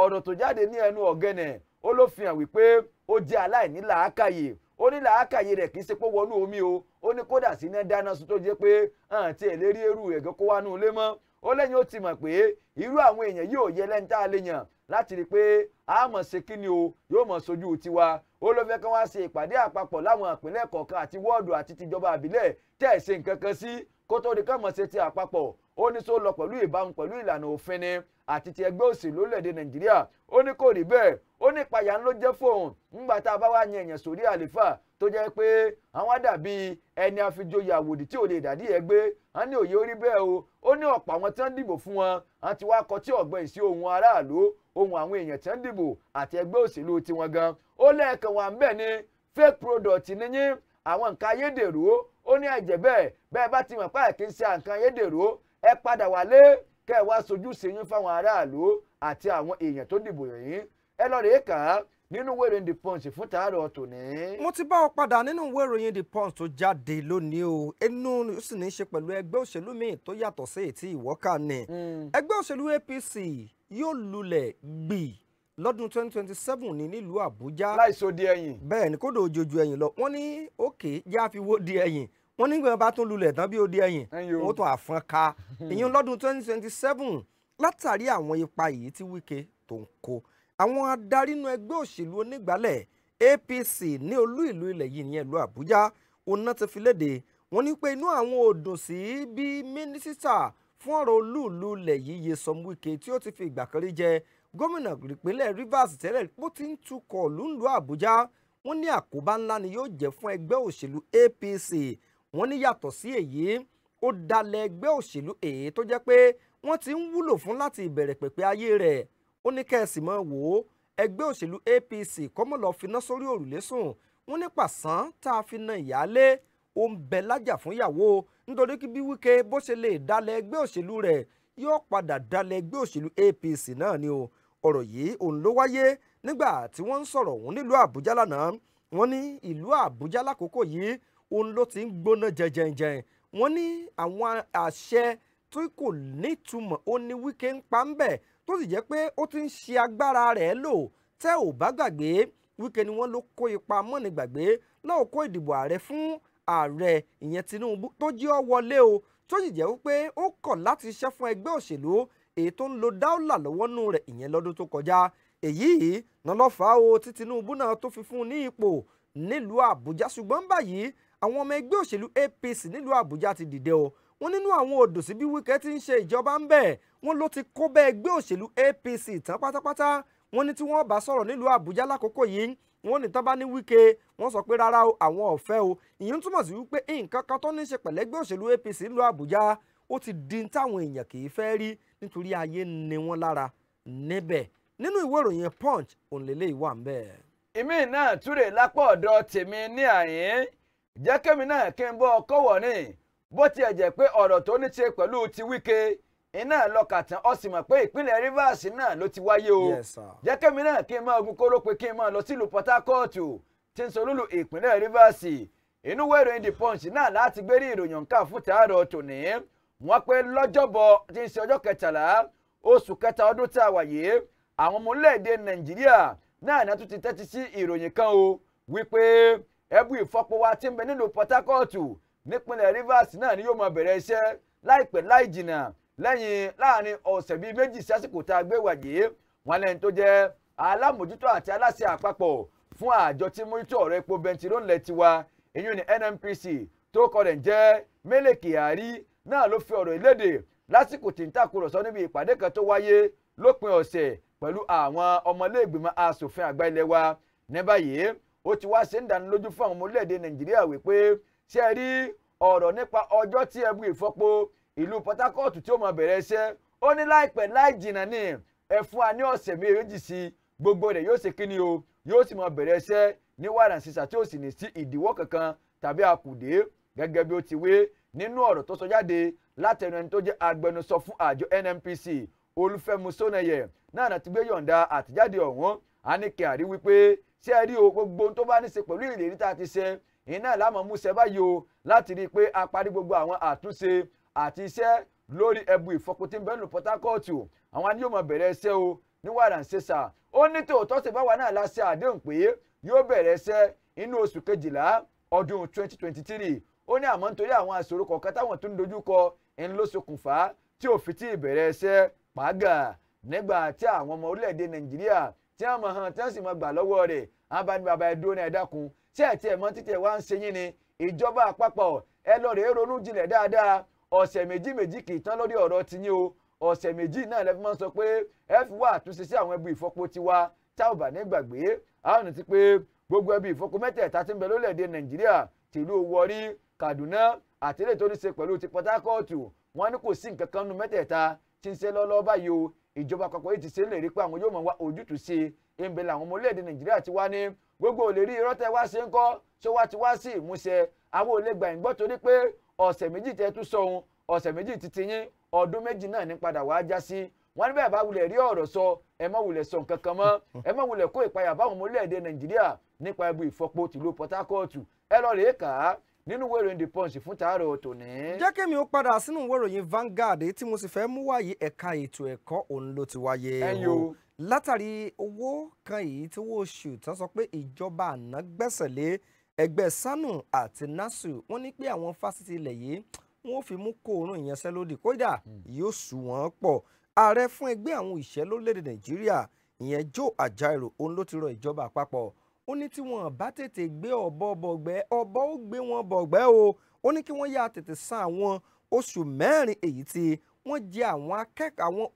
ọ̀rọ̀ tó jáde ní ẹnu ọ̀gẹ́nẹ̀ ó ló fi hàn wípé ó jẹ́ aláìní làákàyè ó ní làákàyè rẹ̀ kì í ṣe pé wọnú omi o ó ní kódà sí iná dáná sun tó jẹ́ pé àǹtí ẹ̀ lérí eru ẹ̀gẹ́ kó wánú ilé mọ́ ó lẹ́yìn ó ti mọ̀ pé irú àwọn èèyàn yóò yẹ lẹ́ni tá a lè yàn láti rí i pé a mọ̀ ṣe kí ni o yóò mọ̀ sojú tiwa ó ló fẹ́ kán wá ṣe ìpàdé àpapọ̀ láwọn ìpínlẹ̀ kọ̀ọ̀kan àti wọ́ọ̀dù àti tìjọba àbílẹ̀ tẹ̀ ṣe nǹkan kan sí kó tó di kán mọ̀ ṣe ti àpapọ̀ ó ní sọ lọ pẹ̀lú ìbámu pẹ̀lú ìlànà òfin ni àti ti ẹgbẹ́ òsì lórílẹ̀‐èdè nàìjíríà ó ní kò rí bẹ́ẹ̀ ó ní ìpayà ló jẹ́ fóun ńgbà tá a bá wá yan èèyàn sórí àléfà tó jẹ́ pé àwọn àdàbí ẹni àfijoyè àwòdì tí ò lè dàdí ẹ gbé wọn ní òye orí bẹ́ẹ̀ o ó ní ọ̀pọ̀ àwọn tí wọ́n dìbò fún wọn wọn ti wá kọtí ọ̀gbẹ́yìn sí ohun aráàlú ohun àwọn èèyàn tí wọ́n dìbò àti ẹgbẹ́ òṣèlú tiwọn gan ó lẹ́ẹ̀kan wà ń bẹ̀ ni fake product níyín àwọn nǹkan ayédèrú ó ní ẹ̀jẹ̀ bẹ́ẹ̀ bẹ́ẹ̀ bá ti mọ̀ pé ń ṣe nǹkan ayédèrú ẹ padà wálé kẹ́ ẹ wá sojú sèyún fáwọn aráàlú àti àwọn èèyàn tó dìbò yìí ẹ lọ rèé kà á nínú ìwé ìròyìn the punch fún tàárọ̀ tòní. mo ti bá ọ padà nínú ìwé ìròyìn the punch tó jáde lónìí o inú ó sì ní í ṣe pẹ̀lú ẹgbẹ́ òṣèlú míì tó yàtọ̀ sí ètí ìwọ́ká ni hmm. ẹgbẹ́ òṣèlú APC yóò lulẹ̀ gbì lọ́dún 2027 ní nílùú Àbújá. láìsọ di ẹ̀yìn. bẹ́ẹ̀ ni kódò ojojú ẹ̀yìn lọ wọ́n ní òkè já fi wó di ẹ̀yìn wọ́n nígbà bá tún lulẹ̀ tán bí odi ẹ̀yìn wọ́n tún àfọn ká ìyẹn lọ́dún twenty twenty seven látàrí àwọn ipa yìí tí Wike tó ń kó àwọn adarí inú ẹgbẹ́ òṣèlú onígbàálẹ̀ APC ní olú ìlú ilẹ̀ yìí ní ìlú Àbújá ọ̀nà ti fi léde wọ́n ní pé inú àwọn ò dùn sí bí mínísítà fún ọ̀rọ̀ olúùlú ilẹ̀ yìí Nyesom Wike tí ó ti fi ìgbà kan rí jẹ gómìnà ìpínlẹ̀ Rivers tẹ́lẹ̀ bó ti ń tukọ̀ lùlù Àbújá wọ́n ní àkóbá ńlá ni yóò jẹ́ fún ẹgbẹ́ òṣèlú APC wọ́n ní yàtọ̀ sí èyí ó dalẹ̀ ẹgbẹ́ òṣèlú èyí tó jẹ́ pé wọ́n ti ń wúlò fún láti ìbẹ̀rẹ̀ pẹ̀pẹ̀ ayé rẹ̀ ó ní kẹ́ẹ̀sì mọ́ wò ó ẹgbẹ́ òṣèlú APC kọ́mọ̀lọ́ finá sórí òrùlé sùn wọ́n ní pàṣán tá a fi na ìyáálé ó ń bẹ lájà fún ìyàwó nítorí kí bí Wike bó ṣe lè dalẹ̀ ẹgbẹ́ òṣèlú rẹ̀ yóò padà dalẹ̀ ẹgbẹ́ òṣèlú APC náà ni o ọ̀rọ̀ yìí òun ló wáyé nígbà tí wọ́n ń sọ̀rọ̀ òun nílùú Àbújá lánàá wọ́n ní ìlú Àbújá lákòókò yìí òun ló ti ń gbóná jẹjẹjẹn wọ́n ní àwọn àṣẹ tí kò nítumọ̀ ó ní Wike ń pa ń bẹ̀ tó sì jẹ́ pé ó ti ń ṣe agbára rẹ̀ lò tẹ́ ò bá gbàgbé Wike ni wọ́n ló kó ipa mọ́ni gbàgbé lọ́wọ́ kó ìdìbò ààrẹ fún ààrẹ ìyẹn Tinubu tó jẹ́ ọ wọlé o tó sì jẹ́ wípé ó kọ̀ láti ṣiṣẹ́ fún ẹgbẹ́ òṣèlú èyí tó ń lo dáúlà lọ́wọ́ nù rẹ̀ ìyẹn lọ́dún tó kọjá èyí náà o tí Tinubu náà tó fi fún un ní ipò nílùú Àbújá ṣùgbọ́n báyìí àwọn ọmọ ẹgbẹ́ òṣèlú APC nílùú Àbújá ti dìde o wọ́n nínú àwọn odò síbi Wike ti ń ṣe ìjọba ń bẹ̀ wọ́n ló ti kó bẹ́ ẹgbẹ́ òṣèlú APC tán pátápátá wọ́n ní tí wọ́n bá sọ̀rọ̀ nílùú Àbújá lákòókò yìí wọ́n ní tán bá ní Wike wọ́n sọ pé rárá o àwọn ọ̀fẹ́ o ìyẹn túmọ̀ sí wípé nǹkan kan tó ní í ṣe pẹ̀lẹ́gbẹ́ òṣèlú APC nílùú Àbújá ó ti di táwọn èèyàn kì í fẹ́ rí nítorí ayé ni wọ́n lára níbẹ̀ nínú ìwé ìròyìn Punch òǹlẹ́lẹ́ ìwà ń bẹ̀. ìmí náà túrè lápò ọ̀dọ̀ tèmi ní àyín jẹ́ kémi náà kí n bọ́ ọkọ̀ wọ̀ ní bó tiẹ̀ jẹ́ pé ọ̀rọ̀ tó ní ṣe pẹ̀lú ti Wike iná lọ́kàtàn ó sì mọ̀ pé ìpínlẹ̀ Rivers náà ló ti wáyé o jẹ́ kémi náà kí n máa ogun kóró pé kí n máa lọ sílùú Port Harcourt tí ń solúlù ìpínlẹ̀ Rivers inú wẹ̀rọ The Punch náà láti gbé rí ìròyìn ká fún tààrọ̀ tòní wọ́n pé lọ́jọ́bọ̀ tí ń ṣe ọjọ́ kẹtàlá oṣù kẹta ọdún tá a wà yìí àwọn ọmọ orílẹ̀-èdè Nàìjíríà náà ni a tún ti tẹ́tí sí ìròyìn kan o wípé ẹbú ìfọpo wa ti ń bẹ nílùú Port Harcourt nípínlẹ̀ Rivers náà ni yóò máa bẹ̀rẹ̀ iṣẹ́ láìpẹ́ láì jìnnà lẹ́yìn láàrin ọ̀sẹ̀ bíi méjì sásìkò tá a gbé wàyé wọn lẹ́ni tó jẹ́ alámòjútó àti aláṣẹ àpapọ̀ fún àjọ tí mójútó ọ̀rọ̀ epo bẹntiró ńlẹ̀ tiwa èyí ni NNPC tó kọ rẹ̀ ń jẹ́ Mele Kyari náà ló fi ọ̀rọ̀ ìlédè lásìkò tí ń tàkùrọ̀sọ níbi ìpàdé kan tó wáyé lópin ọ̀sẹ̀ pẹ̀lú àwọn ọmọlé ìgbìmọ̀ asòfin àgbà ilẹ̀ wa ní báyìí ó ti wá ṣe fún àwọn ọmọ orílẹ̀-èdè nàìjíríà wípé rí ọ̀rọ̀ nípa ọjọ́ tí ìlú port tí ó máa bẹ̀rẹ̀ ó ní láìpẹ́ láì ní ẹ fún ọ̀sẹ̀ méjì sí gbogbo rẹ̀ yóò ṣe kíni o yóò sì máa bẹ̀rẹ̀ iṣẹ́ ní wàrà sísà tí ó sì ní sí ìdíwọ́ kankan tàbí akùdé gẹ́gẹ́ bí ó ti wé nínú ọ̀rọ̀ tó sọ jáde látẹnu ẹni tó ṣé ẹ rí o gbogbo tó bá ní ṣe pẹ̀lú ìlérí tá a ti ṣe iná lámọ̀ múṣẹ báyìí o láti rí i pé a parí gbogbo àwọn àtúnṣe àti iṣẹ́ lórí ẹbu ìfọkùntì bẹ́ẹ̀nù Port Harcourt àwọn ni yóò máa bẹ̀rẹ̀ iṣẹ́ o ní wàràǹṣeṣà ó ní tòótọ́ sí báwa náà la ṣe àdéhùn pé yóò bẹ̀rẹ̀ iṣẹ́ inú oṣù kejìlá ọdún 2023 ó ní àmọ́ nítorí àwọn àṣòro kọ̀ọ̀kan táwọn tó ń dojú kọ ń ló ṣokùnfà tí ò tí ì bẹ̀rẹ̀ iṣẹ́ pàágà nígbà tí àwọn ọmọ orílẹ̀-èdè Nàìjíríà tí a mọ̀ hàn tí wọ́n sì mọ̀ gbà lọ́wọ́ rẹ̀ wọ́n bá ní bàbá ẹ dúró ní ẹ dákun tí ẹ̀ tí ẹ̀ mọ́ títí wá ń ṣe yín ni ìjọba àpapọ̀ ẹ lọ ronú jinlẹ̀ dáadáa ọ̀sẹ̀ méjì méjì kì í tán lórí ọ̀rọ̀ o ọ̀sẹ̀ méjì náà lẹ́fí sọ pé ẹ fi wá àtúnṣe sí àwọn ẹbí tiwa tá ò bá ní gbàgbé àwọn ti pé gbogbo ẹbí ìfọ́pọ̀ mẹ́tẹ̀ẹ̀ta ti ń bẹ Nàìjíríà Kaduna àtẹ̀lé tó ní pẹ̀lú ti Port Harcourt kò sí nǹkan kan nu mẹ́tẹ̀ẹ̀ta ìjọba àpapọ̀ yìí ti ṣe lérí pé àwọn yóò máa wá ojútùú sí i ń bẹ làwọn ọmọ orílẹ̀-èdè nàìjíríà ti wá ní gbogbo òlérí irọ́ tẹ́ wá ṣe ń kọ́ ṣé wá ti wá sí ìmúṣẹ àwọn ò lè gbà yín gbọ́ torí pé ọ̀sẹ̀ méjì tẹ́ tún sọ̀hún ọ̀sẹ̀ méjì ti ti yín ọdún méjì náà ní padà wá já sí wọ́n ní bẹ́ẹ̀ bá wulẹ̀ rí ọ̀rọ̀ sọ ẹ má wulẹ̀ sọ nǹkan mọ́ <laughs> ẹ má wulẹ̀ kó ìpayà báwọn ọmọ orílẹ̀-èdè nàìjíríà nípa ibu ìfọpo tìlú Port Harcourt ẹ lọ rèé kàá nínú ìwé ìròyìn the punch fún tàárọ̀ tòní. jẹ́ kí mi ó padà sínú ìwé ìròyìn Vanguard tí mo sì fẹ́ mú wáyé ẹ̀ka ètò ẹ̀kọ́ òun ló ti wáyé o látàrí owó kan yìí tí owó oṣù tán sọ pé ìjọba àná gbẹ́sẹ̀ lé ẹgbẹ́ SANU àti NASU wọ́n ní pé àwọn fásitì ilẹ̀ yìí wọ́n fi mú kóòrùn ìyanṣẹ́lódì kódà hmm. yóò sù wọ́n pọ̀ ààrẹ fún ẹgbẹ́ àwọn ìṣẹ́ lórílẹ̀‐èdè Nàìjíríà ìyẹn Joe Ajaero òun ló ti rọ ìjọba àpapọ̀ ó ní tí wọn bá tètè gbé ọ̀bọ bọ̀gbẹ́ ọ̀bọ ó gbé wọn bọ̀gbẹ́ o ó ní kí wọ́n yá tètè san àwọn oṣù mẹ́rin èyí tí wọ́n jẹ àwọn akẹ́kọ̀ọ́ àwọn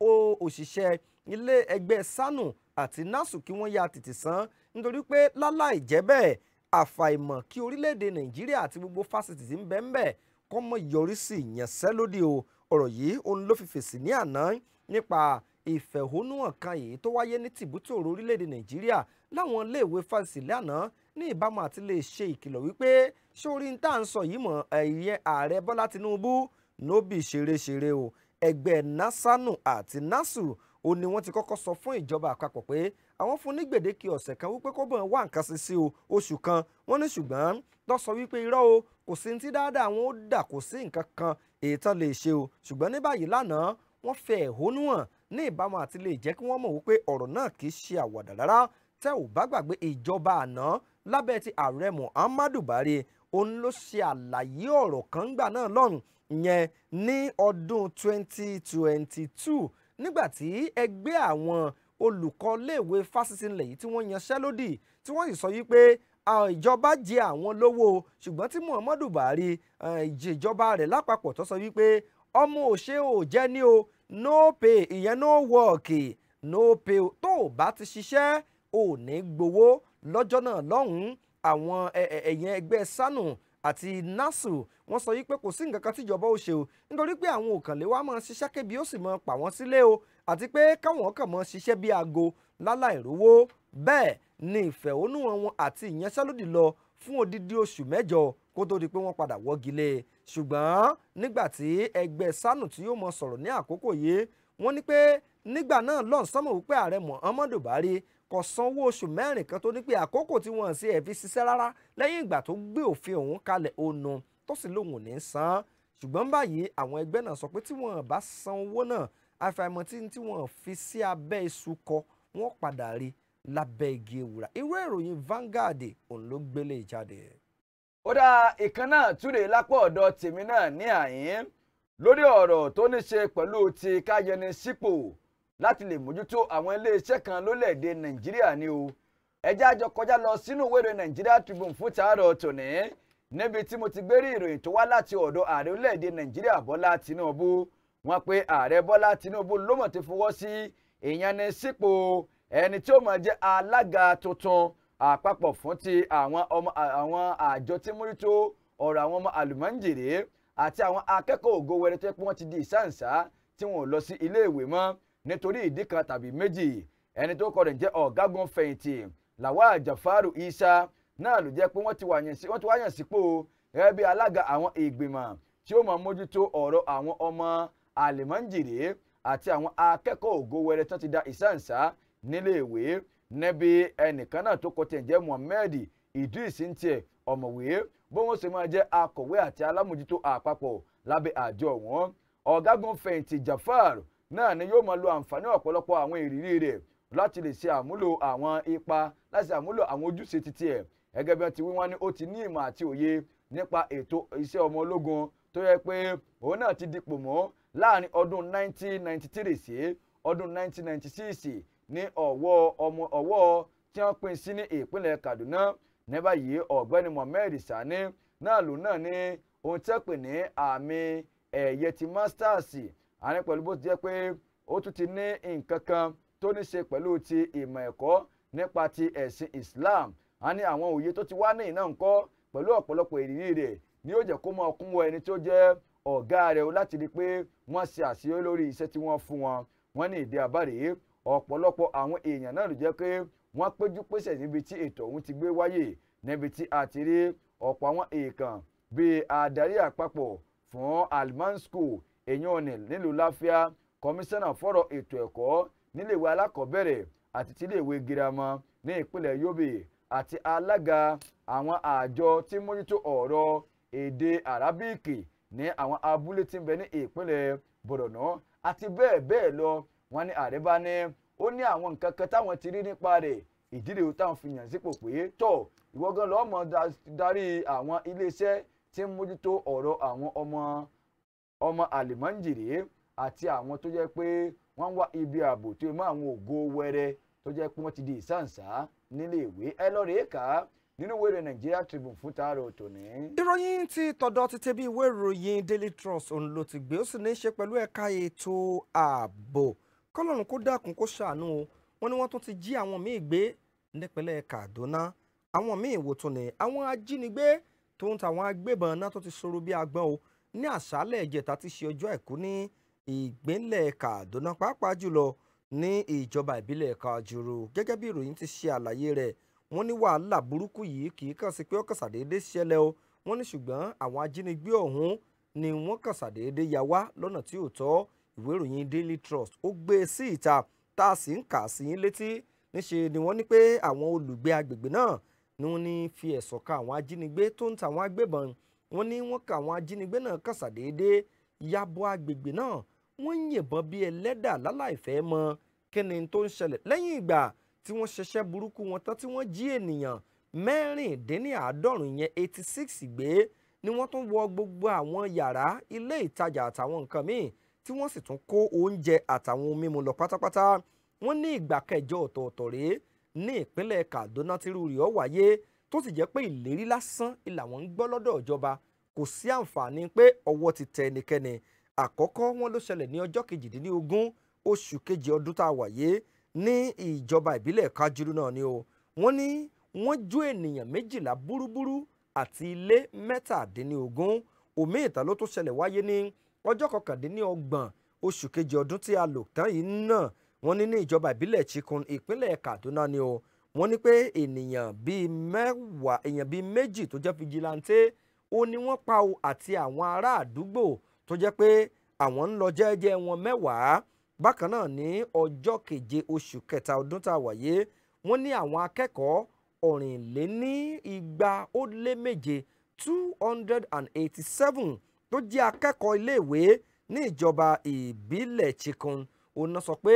òṣìṣẹ́ ilé ẹgbẹ́ sanu àti nasu kí wọ́n yá tètè san nítorí pé láláì jẹ́ bẹ́ẹ̀ àfàìmọ̀ kí orílẹ̀-èdè nàìjíríà àti gbogbo fásitì tí ń bẹ ń bẹ kọ́ mọ́ yọrí sí ìyànṣẹ́lódì o ọ̀rọ̀ yìí òun ló fi fèsì ní àná nípa ìfẹ̀hónúhàn kan yìí tó wáyé ní tìbútòrò orílẹ̀-èdè nàìjíríà láwọn iléèwé fásitì lánàá ní ìbámu àti lè ṣe ìkìlọ̀ wípé sórí ń tà ń sọ yìí mọ̀ ẹ̀yẹ ààrẹ Bọ́lá Tinubu nóbì ṣeréṣeré o ẹgbẹ́ nasanu àti nasu ó ní wọ́n ti kọ́kọ́ sọ fún ìjọba àpapọ̀ pé àwọn fún ní gbèdéke ọ̀sẹ̀ kan wípé kó bọ̀ wá nǹkan sí sí o oṣù kan wọ́n ní ṣùgbọ́n tó sọ wípé irọ́ o kò sí ti dáadáa àwọn ó dà kò sí nǹkan kan èyí tán lè ṣe o ṣùgbọ́n ní báyìí lánàá wọ́n fẹ́ ẹ̀hónú hàn ní ìbámu àti lè jẹ́ kí wọ́n mọ̀ wípé ọ̀rọ̀ náà kì í ṣe àwàdà rárá tẹ́ ò bá gbàgbé ìjọba àná lábẹ́ ti ààrẹ Muhammadu Buhari òun ló ṣe àlàyé ọ̀rọ̀ kan gbà náà lọ́rùn yẹn ní ọdún 2022 nígbà tí ẹgbẹ́ àwọn olùkọ́ léèwé fásitì ńlẹ̀ yìí tí wọ́n yanṣẹ́ lódì tí wọ́n sì sọ wípé ìjọba jẹ àwọn lówó ṣùgbọ́n tí Muhammadu Buhari ìjọba rẹ̀ lápapọ̀ tó sọ wípé ọmọ òṣè ò jẹ́ ní o no pay ìyẹn no work no pay tó o bá ti ṣiṣẹ́ ò ní gbowó lọ́jọ́ náà lọ́hùn-ún àwọn ẹ̀yìn ẹgbẹ́ sanu àti nasu wọ́n sọ yìí pé kò sí nǹkan kan tíjọba ó ṣe o nítorí pé àwọn òkànlé wa máa ṣiṣẹ́ kébi ó sì máa pa wọ́n sílé o àti pé káwọn kàn máa ṣiṣẹ́ bí aago láláì rówó bẹ́ẹ̀ ni ìfẹ̀hónúhàn wọn àti ìyanṣẹ́lódì lọ fún odidi oṣù mẹ́jọ kó tó di pé wọ́n padà wọ́gi lé e ṣùgbọ́n nígbà tí ẹgbẹ́ sanu tí yóò mọ sọ̀rọ̀ ní àkókò yìí wọ́n ní pé nígbà náà lọ́n wípé ààrẹ Muhammadu Buhari kò sanwó oṣù mẹ́rin kan tó ní pé àkókò tí wọ́n ń ṣe ẹ̀fí ṣiṣẹ́ rárá lẹ́yìn ìgbà tó gbé òfin ọ̀hún kalẹ̀ ònu tó sì lóun ò ní san án ṣùgbọ́n báyìí àwọn ẹgbẹ́ náà sọ pé tí wọ́n bá san owó náà àfàìmọ̀ tí tí wọ́n fi sí abẹ́ iṣu kọ wọ́n padà rí lábẹ́ igi ewúra irú ìròyìn Vanguard òun ló gbélé jáde. ó dá ìkan náà túre lápò ọ̀dọ̀ tèmi náà ní àyín lórí ọ̀rọ̀ tó ní ṣe pẹ̀lú ti káyẹni láti lè mójútó àwọn iléeṣẹ́ kan lólẹ̀‐èdè nàìjíríà ni o ẹjẹ́ àjọ kọjá lọ sínú ìwé ìròyìn nàìjíríà Tribune fún tàárọ̀ tòní níbi tí mo ti gbé rí ìròyìn tó wá láti ọ̀dọ̀ ààrẹ orílẹ̀‐èdè nàìjíríà bọ́lá tinubu wọ́n pe ààrẹ bọ́lá tinubu ló mọ̀ ti fọwọ́ sí ìyanisípò ẹni tí ó máa jẹ́ alága tuntun àpapọ̀ fún ti àwọn ọmọ àwọn àjọ tí múrító ọ̀rọ̀ àwọn ọmọ àlùmọ́ǹjèrè àti àwọn akẹ́kọ̀ọ́ ògo wẹrẹ tó yẹ pé wọ́n ti di ìsáǹsá tí wọn ò lọ sí iléèwé mọ́ nítorí ìdí kan tàbí méjì ẹni tó kọ rẹ̀ jẹ́ ọ̀gágun fẹ̀yìntì Lawal Jafaru Isa náà ló jẹ́ pé wọ́n ti wá yàn sípò gẹ́gẹ́ bí alága àwọn ìgbìmọ̀ tí ó máa mójútó ọ̀rọ̀ àwọn ọmọ àlèmọ́njìrè àti àwọn akẹ́kọ̀ọ́ ògo wẹrẹ tó ti da ìsáǹsá níléèwé níbi ẹnìkan náà tó kọ tẹ̀ jẹ́ Muhammed Idris ntiẹ̀ ọ̀mọ̀wé bó wọ́n ṣe máa jẹ́ akọ̀wé àti alámòjútó àpapọ̀ lábẹ́ àjọ wọn ọ̀gágun fẹ̀yìntì Jafar náà ni yóò máa lo àǹfààní ọ̀pọ̀lọpọ̀ àwọn ìrírí rẹ̀ láti lè ṣe àmúlò àwọn ipa láti àmúlò àwọn ojúṣe títí ẹ̀ gẹ́gẹ́ bí wọ́n ti wí wọ́n ní ó ti ní ìmọ̀ àti òye nípa ètò iṣẹ́ ọmọ ológun tó yẹ pé òun náà ti dipò mọ́ láàrin ọdún 1993 sí ọdún 1996 ní ọ̀wọ́ ọmọ ọ̀wọ́ tí wọ́n pín sí ní ìpínlẹ̀ Kaduna ní báyìí ọ̀gbẹ́ni Mohammed Sani náà lòun náà ní ohun tẹ́pẹ̀ ní àmì ẹ̀yẹ ti masters àárín pẹ̀lú bó ti jẹ́ pé ó tún ti ní nǹkan kan tó ní ṣe pẹ̀lú ti ìmọ̀ ẹ̀kọ́ nípa ti ẹ̀sìn Islam a ní àwọn òye tó ti wá ní ìná ńkọ́ pẹ̀lú ọ̀pọ̀lọpọ̀ ìrírí rẹ̀ ni ó jẹ́ kó mọ ọkún wọ ẹni tó jẹ́ ọ̀gá rẹ̀ o láti rí i pé wọ́n ṣe àṣeyọrí lórí iṣẹ́ tí wọ́n fún wọn wọ́n ní ìdí àbárè ọ̀pọ̀lọpọ̀ àwọn èèyàn náà ló jẹ́ pé wọ́n péjú pèsè níbi tí ètò ọ̀hún ti gbé wáyé níbi tí a ti rí ọ̀pọ̀ àwọn èèkàn bíi adarí àpapọ̀ fún alman school èèyàn ọ̀nì nílùú láfíà kọmíṣánná fọ́rọ̀ ètò ẹ̀kọ́ níléèwé alákọ̀ọ́bẹ̀rẹ̀ àti tíléèwé girama ní ìpínlẹ̀ Yobe àti alága àwọn àjọ tí mójútó ọ̀rọ̀ èdè arábíìkì ní àwọn abúlé tí ń bẹ ní ìpínlẹ̀ Borno àti bẹ́ẹ̀ bẹ́ẹ̀ lọ wọ́n ní ààrẹ bá ní ó ní àwọn nǹkan kan táwọn ti rí nípa rẹ̀ ìdílé o táwọn fi yàn sípò pé tọ̀ ìwọ lọ́mọ darí àwọn iléeṣẹ́ tí ń mójútó ọ̀rọ̀ àwọn ọmọ ọmọ àlìmọ́njèrè àti àwọn tó jẹ́ pé wọ́n ń wá ibi ààbò tó mọ́ àwọn ògo wẹrẹ tó jẹ́ pé wọ́n ti di ìsáǹsá nílé ìwé ẹ lọ́ọ̀rẹ́ kà á nínú ìwé ìròyìn Nigeria Tribune fún taarọ̀ tòní. ìròyìn ti tọ̀dọ̀ ti tẹ̀bí ìwé ìròyìn Daily Trust òun ló ti gbé ó sì ní í ṣe pẹ̀lú ẹ̀ka ètò ààbò kọ́lọ́run kó dákun kó ṣàánú o wọ́n ní wọ́n tún ti jí àwọn míì gbé nípínlẹ̀ Kaduna àwọn míì wò tún ní àwọn ajínigbé tó ń agbébọn náà tó ti ṣòro bí agbọ́n o ní àṣálẹ̀ ìjẹta tí ṣe ọjọ́ àìkú ní ìgbínlẹ̀ Kaduna pàápàá jùlọ ní ìjọba ìbílẹ̀ Kajuru gẹ́gẹ́ bí ìròyìn ti ṣe àlàyé rẹ̀ wọ́n ní wàhálà burúkú yìí kì í kàn sí pé ó kàn ṣàdédé ṣẹlẹ̀ o wọ́n ní ṣùgbọ́n àwọn ajínigbé ọ̀hún ni wọ́n kàn ṣàdédé ya wá lọ́nà tí ò tọ́ ìwé ìròyìn Daily Trust ó gbé e sí ìta tá a sì ń kà sí yín létí níṣe ni wọ́n ní pé àwọn olùgbé agbègbè náà ni wọ́n ní fi ẹ̀sùn kan àwọn ajínigbé tó ń ta àwọn agbébọn wọ́n ní wọ́n kà àwọn ajínigbé náà kàṣà déédéé ya bo agbègbè náà wọ́n ń yìnbọn bíi ẹlẹ́dà láláìfẹ́ mọ kíni tó ń ṣẹlẹ̀ lẹ́yìn ìgbà tí wọ́n ṣẹṣẹ́ burúkú wọn tán tí wọ́n jí ènìyàn mẹ́rìndínláàádọ́rùn yẹn eighty six gbé ni wọ́n tún wọ gbogbo àwọn yàrá ilé ìtajà àtàwọn nǹkan míì tí wọ́n sì tún kó oúnjẹ àtàwọn ohun mímu lọ pátápátá wọ́n ní ìgbà kẹjọ ọ̀tọ̀ọ̀tọ̀ rèé ní ìpínlẹ̀ Kaduna tírú rẹ̀ ó wáyé tó sì jẹ́ pé ìlérí lásán làwọn ń gbọ́ lọ́dọ̀ ìjọba kò sí àǹfààní pé ọwọ́ ti tẹ ẹnikẹ́ni àkọ́kọ́ wọn ló ṣẹlẹ̀ ní ọjọ́ kejìdínlógún oṣù kejì ọdún tá a wà yé ní ìjọba ìbílẹ̀ Kajuru náà ni o wọ́n ní wọ́n jó ènìyàn méjìlá búrúbúrú àti ilé mẹ́tàdínlógún omi ìta ló tó ṣẹlẹ̀ wáyé ní ọjọ́ kọkàndínlọ́gbọ̀n oṣù kejì ọdún tí a lò tán yìí náà wọ́n ní ní ìjọba ìbílẹ̀ Chikun ìpínlẹ̀ Kaduna ni o wọ́n ní pé ènìyàn bíi mẹ́wàá èèyàn bíi méjì tó jẹ́ fìjìláńtẹ́ ó ní wọ́n pa o àti àwọn ará àdúgbò tó jẹ́ pé àwọn ń lọ jẹ́ẹ́jẹ́ wọn mẹ́wàá bákan náà ní ọjọ́ keje oṣù kẹta ọdún tá a wáyé wọ́n ní àwọn akẹ́kọ̀ọ́ ọ̀rìnléní ó lé méje two hundred and eighty-seven tó jẹ́ akẹ́kọ̀ọ́ iléèwé ní ìjọba ìbílẹ̀ Chikun òun náà sọ pé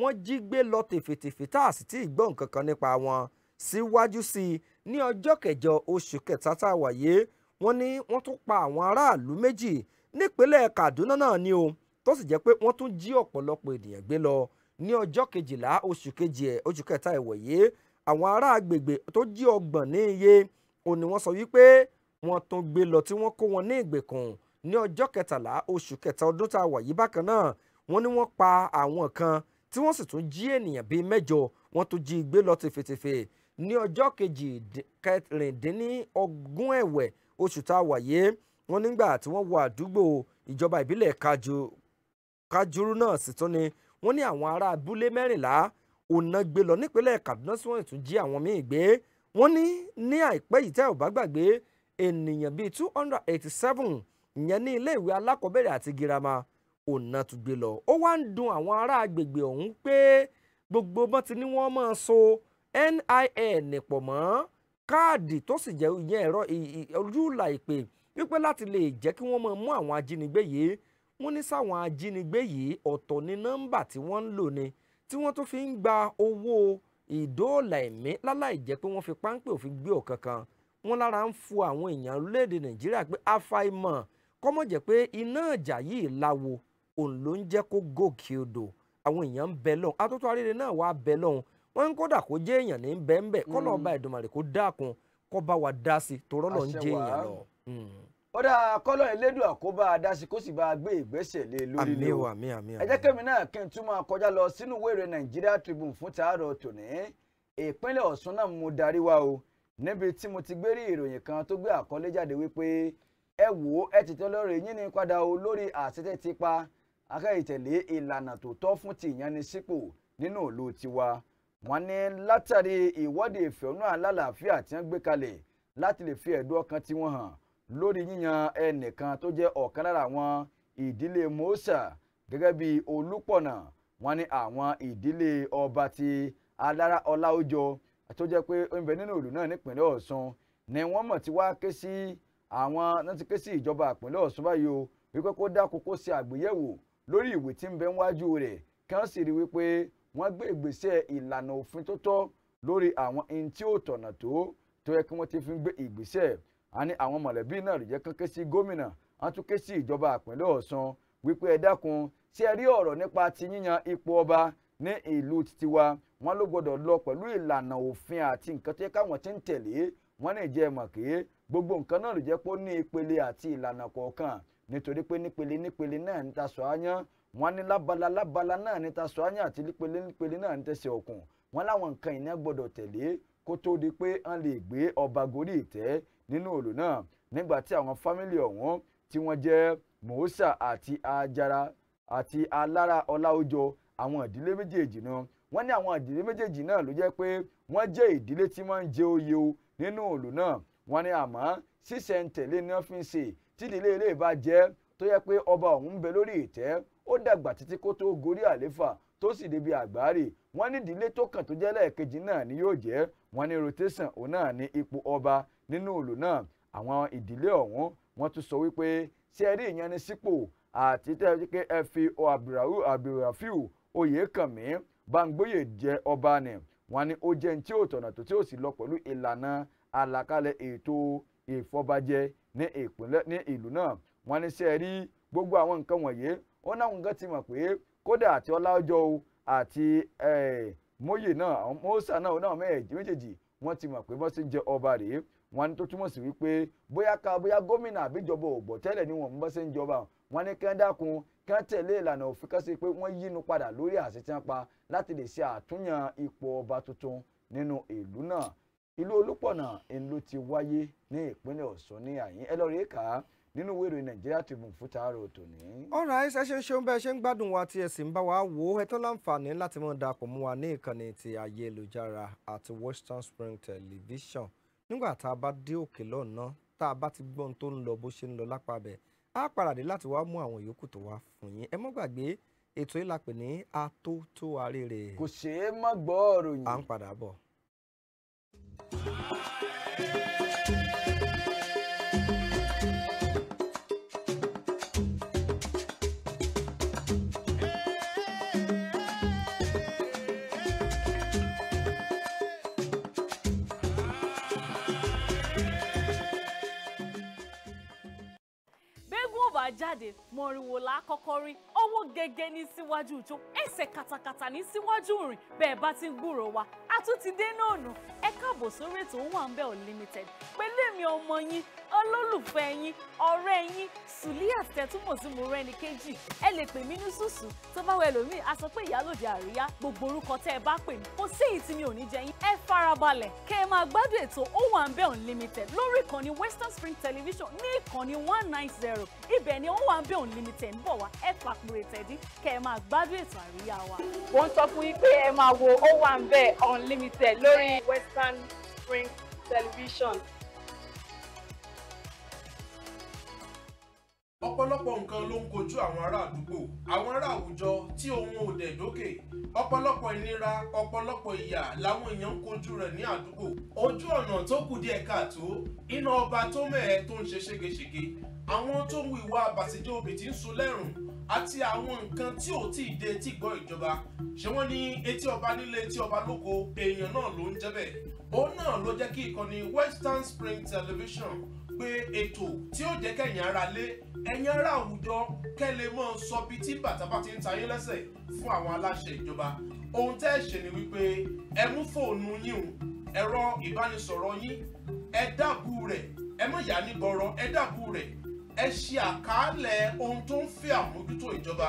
wọ́n jí gbé lọ tèfètèfè tá a sì tí ì gbọ́ nǹkan kan nípa wọn síwájú sí i ní ọjọ́ kẹjọ oṣù kẹta tá a wà yé wọ́n ní wọ́n tún pa àwọn aráàlú méjì nípínlẹ̀ Kaduna náà ni o tó sì jẹ́ pé wọ́n tún jí ọ̀pọ̀lọpọ̀ ènìyàn gbé lọ ní ọjọ́ kejìlá oṣù kejì ẹ̀ oṣù kẹta ìwọ̀ yìí àwọn ará agbègbè tó jí ọgbọ̀n ní iye òun ni wọ́n sọ wípé wọ́n tún gbé lọ tí wọ́n kó wọn ní ìgbèkùn ní ọjọ́ kẹtàlá oṣù kẹta ọdún tá a wà yìí bákan náà wọ́n ní wọ́n pa àwọn kan tí wọ́n sì tún jí ènìyàn bíi mẹ́jọ wọ́n tún jí gbé lọ tẹ̀fẹ̀tẹ̀fẹ̀ ní ọjọ́ kejì kẹrìndínlọ́gbọ̀n ẹ̀wẹ̀ oṣù tá a wà wọn nígbà tí wọ́n wọ àdúgbò ìjọba ìbílẹ̀ Kajuru náà sì tún ni wọ́n ní àwọn ará abúlé mẹ́rìnlá ọ̀nà gbé lọ nípínlẹ̀ Kaduna sí wọ́n tún jí àwọn míì gbé wọ́n ní ní àìpẹ́ yìí tẹ́ ò bá gbàgbé ènìyàn bíi two hundred eighty seven ìyẹn ní ilé ìwé alákọ̀ọ́bẹ̀rẹ̀ àti girama òun náà tún gbé lọ ó wá ń dùn àwọn ará agbègbè ọ̀hún pé gbogbo bọ́n ti ní wọ́n máa so NIN pọ̀ mọ́ káàdì tó sì jẹ́ ìyẹn ẹ̀rọ ojúlà ìpè wípé láti lè jẹ́ kí wọ́n máa mú àwọn ajínigbé yìí wọ́n ní sáwọn ajínigbé yìí ọ̀tọ̀ ní nọ́mbà tí wọ́n ń lò ni tí wọ́n tún fi ń gba owó ìdóòlà ẹ̀mí láláì jẹ́ pé wọ́n fi páńpẹ́ òfin gbé ọ̀kan kan wọ́n lára ń fu àwọn èèyàn orílẹ̀-èdè Nàìjíríà pé àfàìmọ̀ kọ́mọ̀jẹ̀ pé iná ìjà yìí láwo òun ló ń jẹ́ kó gòkè odò àwọn èèyàn ń bẹ lọ́hùn atótó aríire náà wàá bẹ lọ́hùn wọ́n ń kódà kó jẹ́ èèyàn ní bẹ́ẹ̀ kọ́ lọ́ọ́ hmm. bá Èdùmàrè kó dákun kọ́ bá wa dá sí torọ́ lọ́ọ́ ń jẹ́ èèyàn lọ. Hmm. ó dáa kọ́lọ́ Elédùà kó bá a dá sí kó sì bá a gbé ìgbésẹ̀ lé e lórí ni o ẹ jẹ́ kémi náà kí n tún máa kọjá lọ sínú wéèrè Nigeria Tribune fún tàárọ̀ tòní ìpínlẹ̀ Ọ̀ṣun náà mo darí wa o níbi tí mo ti gbé rí ìròyìn kan tó gbé àkọlé jáde wípé ẹ wò ó ẹ tètè lọ́rọ̀ yín ní padà o lórí àṣetẹ́ tipa akẹ́yìntẹ̀lé ìlànà tó tọ́ fún ti ìyanisípò nínú ìlú tiwa wọ́n ní látàrí ìwọ́de ìfẹ̀hónú alálàáfíà tí wọ́n gbé kalẹ̀ láti lè fi ẹ̀dùn ọkàn tiwọn hàn lórí yíyan ẹnìkan tó jẹ́ ọ̀kan lára àwọn ìdílé Mòósà gẹ́gẹ́ bí Olúpọ̀nà wọ́n ní àwọn ìdílé ọba ti Alára Ọláòjọ tó jẹ́ pé ó ń bẹ nínú ìlú náà nípìnlẹ̀ Ọ̀ṣun ni wọ́n mọ̀ tí wá ké sí àwọn náà ti ké sí ìjọba ìpínlẹ̀ Ọ̀ṣun báyìí o wípé kó dákun kó ṣe àgbéyẹ̀wò lórí ìwé tí ń bẹ níwájú rẹ̀ kí wọ́n sì rí wípé wọ́n gbé ìgbésẹ̀ ìlànà òfin tó tọ́ lórí àwọn ẹni tí ò tọ̀nà tó tó yẹ kí wọ́n ti fi ń gbé ìgbésẹ̀ a ní àwọn mọ̀lẹ́bí náà ló jẹ́ kán ké sí gómìnà a tún ké sí ìjọba àpínlẹ̀ Ọ̀ṣun wípé ẹ dákun ṣé ẹ rí ọ̀rọ̀ nípa ti yíyan ipò ọba ní ìlú tiwa wọn ló gbọdọ̀ lọ pẹ̀lú ìlànà òfin àti nǹkan tó yẹ káwọn ti ń tẹ̀lé wọn ní ìjẹ́ mọ̀ pé gbogbo nǹkan náà ló jẹ́ pé ní ìpele àti ìlànà kọ̀ọ̀kan nítorí pé nípele nípele náà ní tasọ̀ àyàn wọ́n ní lábala lábala náà ní tasọ̀ àyàn àti nípele nípele náà ní tẹsẹ̀ ọ̀kùn wọ́n láwọn nǹkan ìní gbọ́dọ̀ tẹ̀lé kó tó di pé wọ́n lè gbé ọba gorí ìtẹ́ nínú òlù náà nígbà tí àwọn fámìlì ọ̀hún tí wọ́n jẹ́ mòósà àti ajara àti alára ọláójọ àwọn ìdílé méjèèjì náà wọ́n ní àwọn ìdílé méjèèjì náà ló jẹ́ pé wọ́n jẹ́ ìdílé tí wọ́n ń jẹ oyè o nínú òlù náà wọ́n ní àmọ́ ni wọ́n tídìlé ilé ìbá jẹ́ tó yẹ pé ọba ọ̀hún ń bẹ lórí ìtẹ́ ó dàgbà títí kó tó gorí àléfà tó sì débi àgbáre wọ́n ní ìdílé tó kàn tó jẹ́ lẹ́ẹ̀kejì náà ni yóò jẹ́ wọ́n ní rotation òun náà ní ipò ọba nínú ìlú náà àwọn ìdílé ọ̀hún wọ́n tún sọ wípé ṣe rí ìyanisípò àti tẹ́lẹ̀ pé ẹ fi Abdulrafiu Oyèkànmí Bámgbóyè jẹ ọba ni wọ́n ní ó jẹ́ ní tí ò tọ̀nà tó tí ò sì lọ pẹ̀lú ìlànà àlàkalẹ̀ ètò ìfọbajẹ ní ìpínlẹ̀ ní ìlú náà wọ́n ní sẹ́ẹ̀ rí gbogbo àwọn nǹkan wọ̀nyí wọ́n náà nǹkan ti mọ̀ pé kódà àti ọlájọ́ o àti mọ́yè náà mọ́sà náà náà mẹ́ẹ̀ẹ́dì méjèèjì wọ́n ti mọ̀ pé wọ́n sì ń jẹ ọba rèé wọ́n tó túmọ̀ sí wípé bóyá ká bóyá gómìnà àbíjọba ògbọ̀ tẹ́lẹ̀ ni wọ́n mú bá ṣe ń jọba wọ́n ní kán dákun kán tẹ̀lé ìlànà òfin kan sí pé wọ́n yínú padà lórí àṣẹ tí pa láti lè ṣe àtúnyàn ipò ọba tuntun nínú ìlú náà ìlú olúpọ̀nà ń ló ti wáyé ní ìpínlẹ̀ ọ̀ṣun ní àyín ẹ lọ rèé kà á nínú ìwé ìròyìn nàìjíríà ti bùn fún tààrà òtòní. ọ̀rọ̀ ayé ṣẹṣẹ ṣeun bẹ́ẹ̀ ṣe ń gbádùn wa tí ẹ sì ń bá wa wò ó ẹ tó láǹfààní láti mọ̀ darapọ̀ mọ́ wa ní ìkànnì ti ayélujára àti Western Spring Television nígbà tá a bá dé òkè lọ́nà tá a bá ti gbọ́n tó ń lọ bó ṣe ń lọ lápá bẹ̀ á paradé láti wá mú àwọn yòókù tó wá fún yín ẹ mọ́ gbàgbé ètò ìlàpẹ̀ ní atótó arére. kò ṣeé má gbọ́ ọ̀rọ̀ yìí. à ń padà bọ̀. jáde mọ̀rìnwó là á kọ́kọ́ rí owó gẹ́gẹ́ ní síwájú ìjó ẹsẹ̀ kàtàkàtà ní síwájú ìrìn bẹ́ẹ̀ bá ti ń gbúrò wa a tún ti dé náà nù ẹ káàbọ̀ sórí ètò Owambe Unlimited pẹ̀lú èmi ọmọ yín olólùfẹ́ yín ọ̀rẹ́ yín Suliat tẹ́túmọ̀ sí mo rẹ́ni kejì ẹ lè pè mí ní sùsù tó bá wẹ lómi a sọ pé ìyálòdì àríyá gbogbo orúkọ tẹ́ ẹ bá pè mí kò sí èyí tí mi ò ní jẹ yín ẹ farabalẹ̀ kẹ́ ẹ máa gbádùn ètò Owambe Unlimited lórí ìkànnì Western Spring Television ní ìkànnì one nine zero ibẹ̀ ni wọ́n wà ń bẹ̀ unlimited bọ̀ wá ẹ pàpọ̀ ètẹ̀dí kẹ́ ẹ máa gbádùn ètò àríyá wa. wọ́n sọ fún yín pé ẹ máa wo ó wà ń bẹ̀ unlimited lórí Western Spring Television ọ̀pọ̀lọpọ̀ nǹkan ló ń kojú àwọn ará àdúgbò àwọn ará àwùjọ tí ohun ò dẹ̀ dókè ọ̀pọ̀lọpọ̀ ìnira ọ̀pọ̀lọpọ̀ ìyà làwọn èèyàn ń kojú rẹ̀ ní àdúgbò ojú ọ̀nà tó kù díẹ̀ káàtó iná ọba tó mẹ́ẹ̀ẹ́ tó ń ṣe ségesège àwọn tó ń wíwá àbàṣejẹ́ obì tí ń sun lẹ́rùn àti àwọn nǹkan tí ò tí ì dé tí gbọ́ ìjọba ṣé wọ́n ní etí ọba nílé etí ọba lóko èèyàn náà ló ń jẹ́ òun náà ló jẹ́ kí ìkànnì Western Spring Television pé ètò tí ó jẹ́ kẹ̀yìn ara lé ẹ̀yìn ara àwùjọ kẹ́lẹ́ mọ́ sọ bí tí bàtà bá ti ń tayín lẹ́sẹ̀ fún àwọn aláṣẹ ìjọba ohun tẹ́ ẹ ṣe ni wípé ẹ mú fóònù yín ẹ̀rọ ìbánisọ̀rọ̀ yín ẹ dàbù rẹ̀ ẹ mọ̀ yà ní bọ̀rọ̀ ẹ dàbù rẹ̀ ẹ ṣe àkàálẹ̀ ohun tó ń fẹ́ àmójútó ìjọba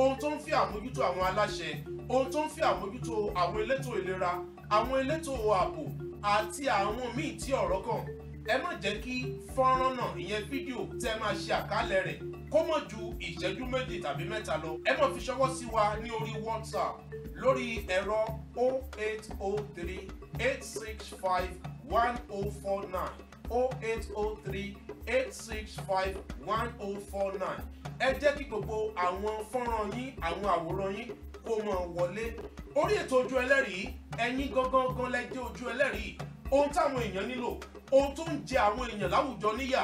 ohun tó ń fẹ́ àmójútó àwọn aláṣẹ ohun tó ń fẹ́ àmójútó àwọn elétò ìlera àwọn elétò ààbò àti àwọn míì tí ọ̀rọ̀ kàn ẹ má jẹ́ kí fọ́nrán náà ìyẹn fídíò tẹ́ máa ṣe àkálẹ̀ rẹ̀ kó mọ̀ ju ìṣẹ́jú méjì tàbí mẹ́ta lọ ẹ má fi ṣọwọ́ sí wa ní orí WhatsApp lórí ẹ̀rọ 0803 865 1049 0803 865 1049 ẹ jẹ́ kí gbogbo àwọn fọ́nrán yín àwọn àwòrán yín kó mọ̀ wọlé orí ètò ojú ẹlẹ́rìí ẹ̀yin gangan gan lẹ jẹ́ ojú ẹlẹ́rìí ohun táwọn èèyàn nílò ohun tó ń jẹ àwọn èèyàn láwùjọ níyà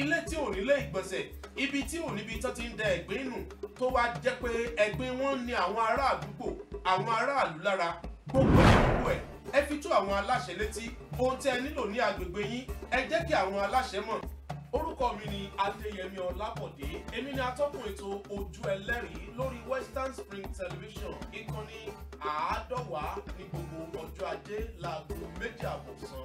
ilé tí ò nílé ìgbọ̀nsẹ̀ ibi tí ò níbi tó ti ń da ẹ̀gbin nù tó wá jẹ́ pé ẹ̀gbin wọn ni àwọn ará àdúgbò àwọn aráàlú lára gbogbo ìdúgbò ẹ̀ ẹ fi tó àwọn aláṣẹ létí ohun tí ẹ nílò ní agbègbè yín ẹ jẹ́ kí àwọn aláṣẹ mọ̀ orúkọ mi ni adéyẹmí ọlábọ̀dé èmi ni atọ́kùn ètò ojú ẹlẹ́rìí lórí western spring television ìkànnì àádọ́wàá ní gbogbo ọjọ́ ajé láago méjì àbọ̀sán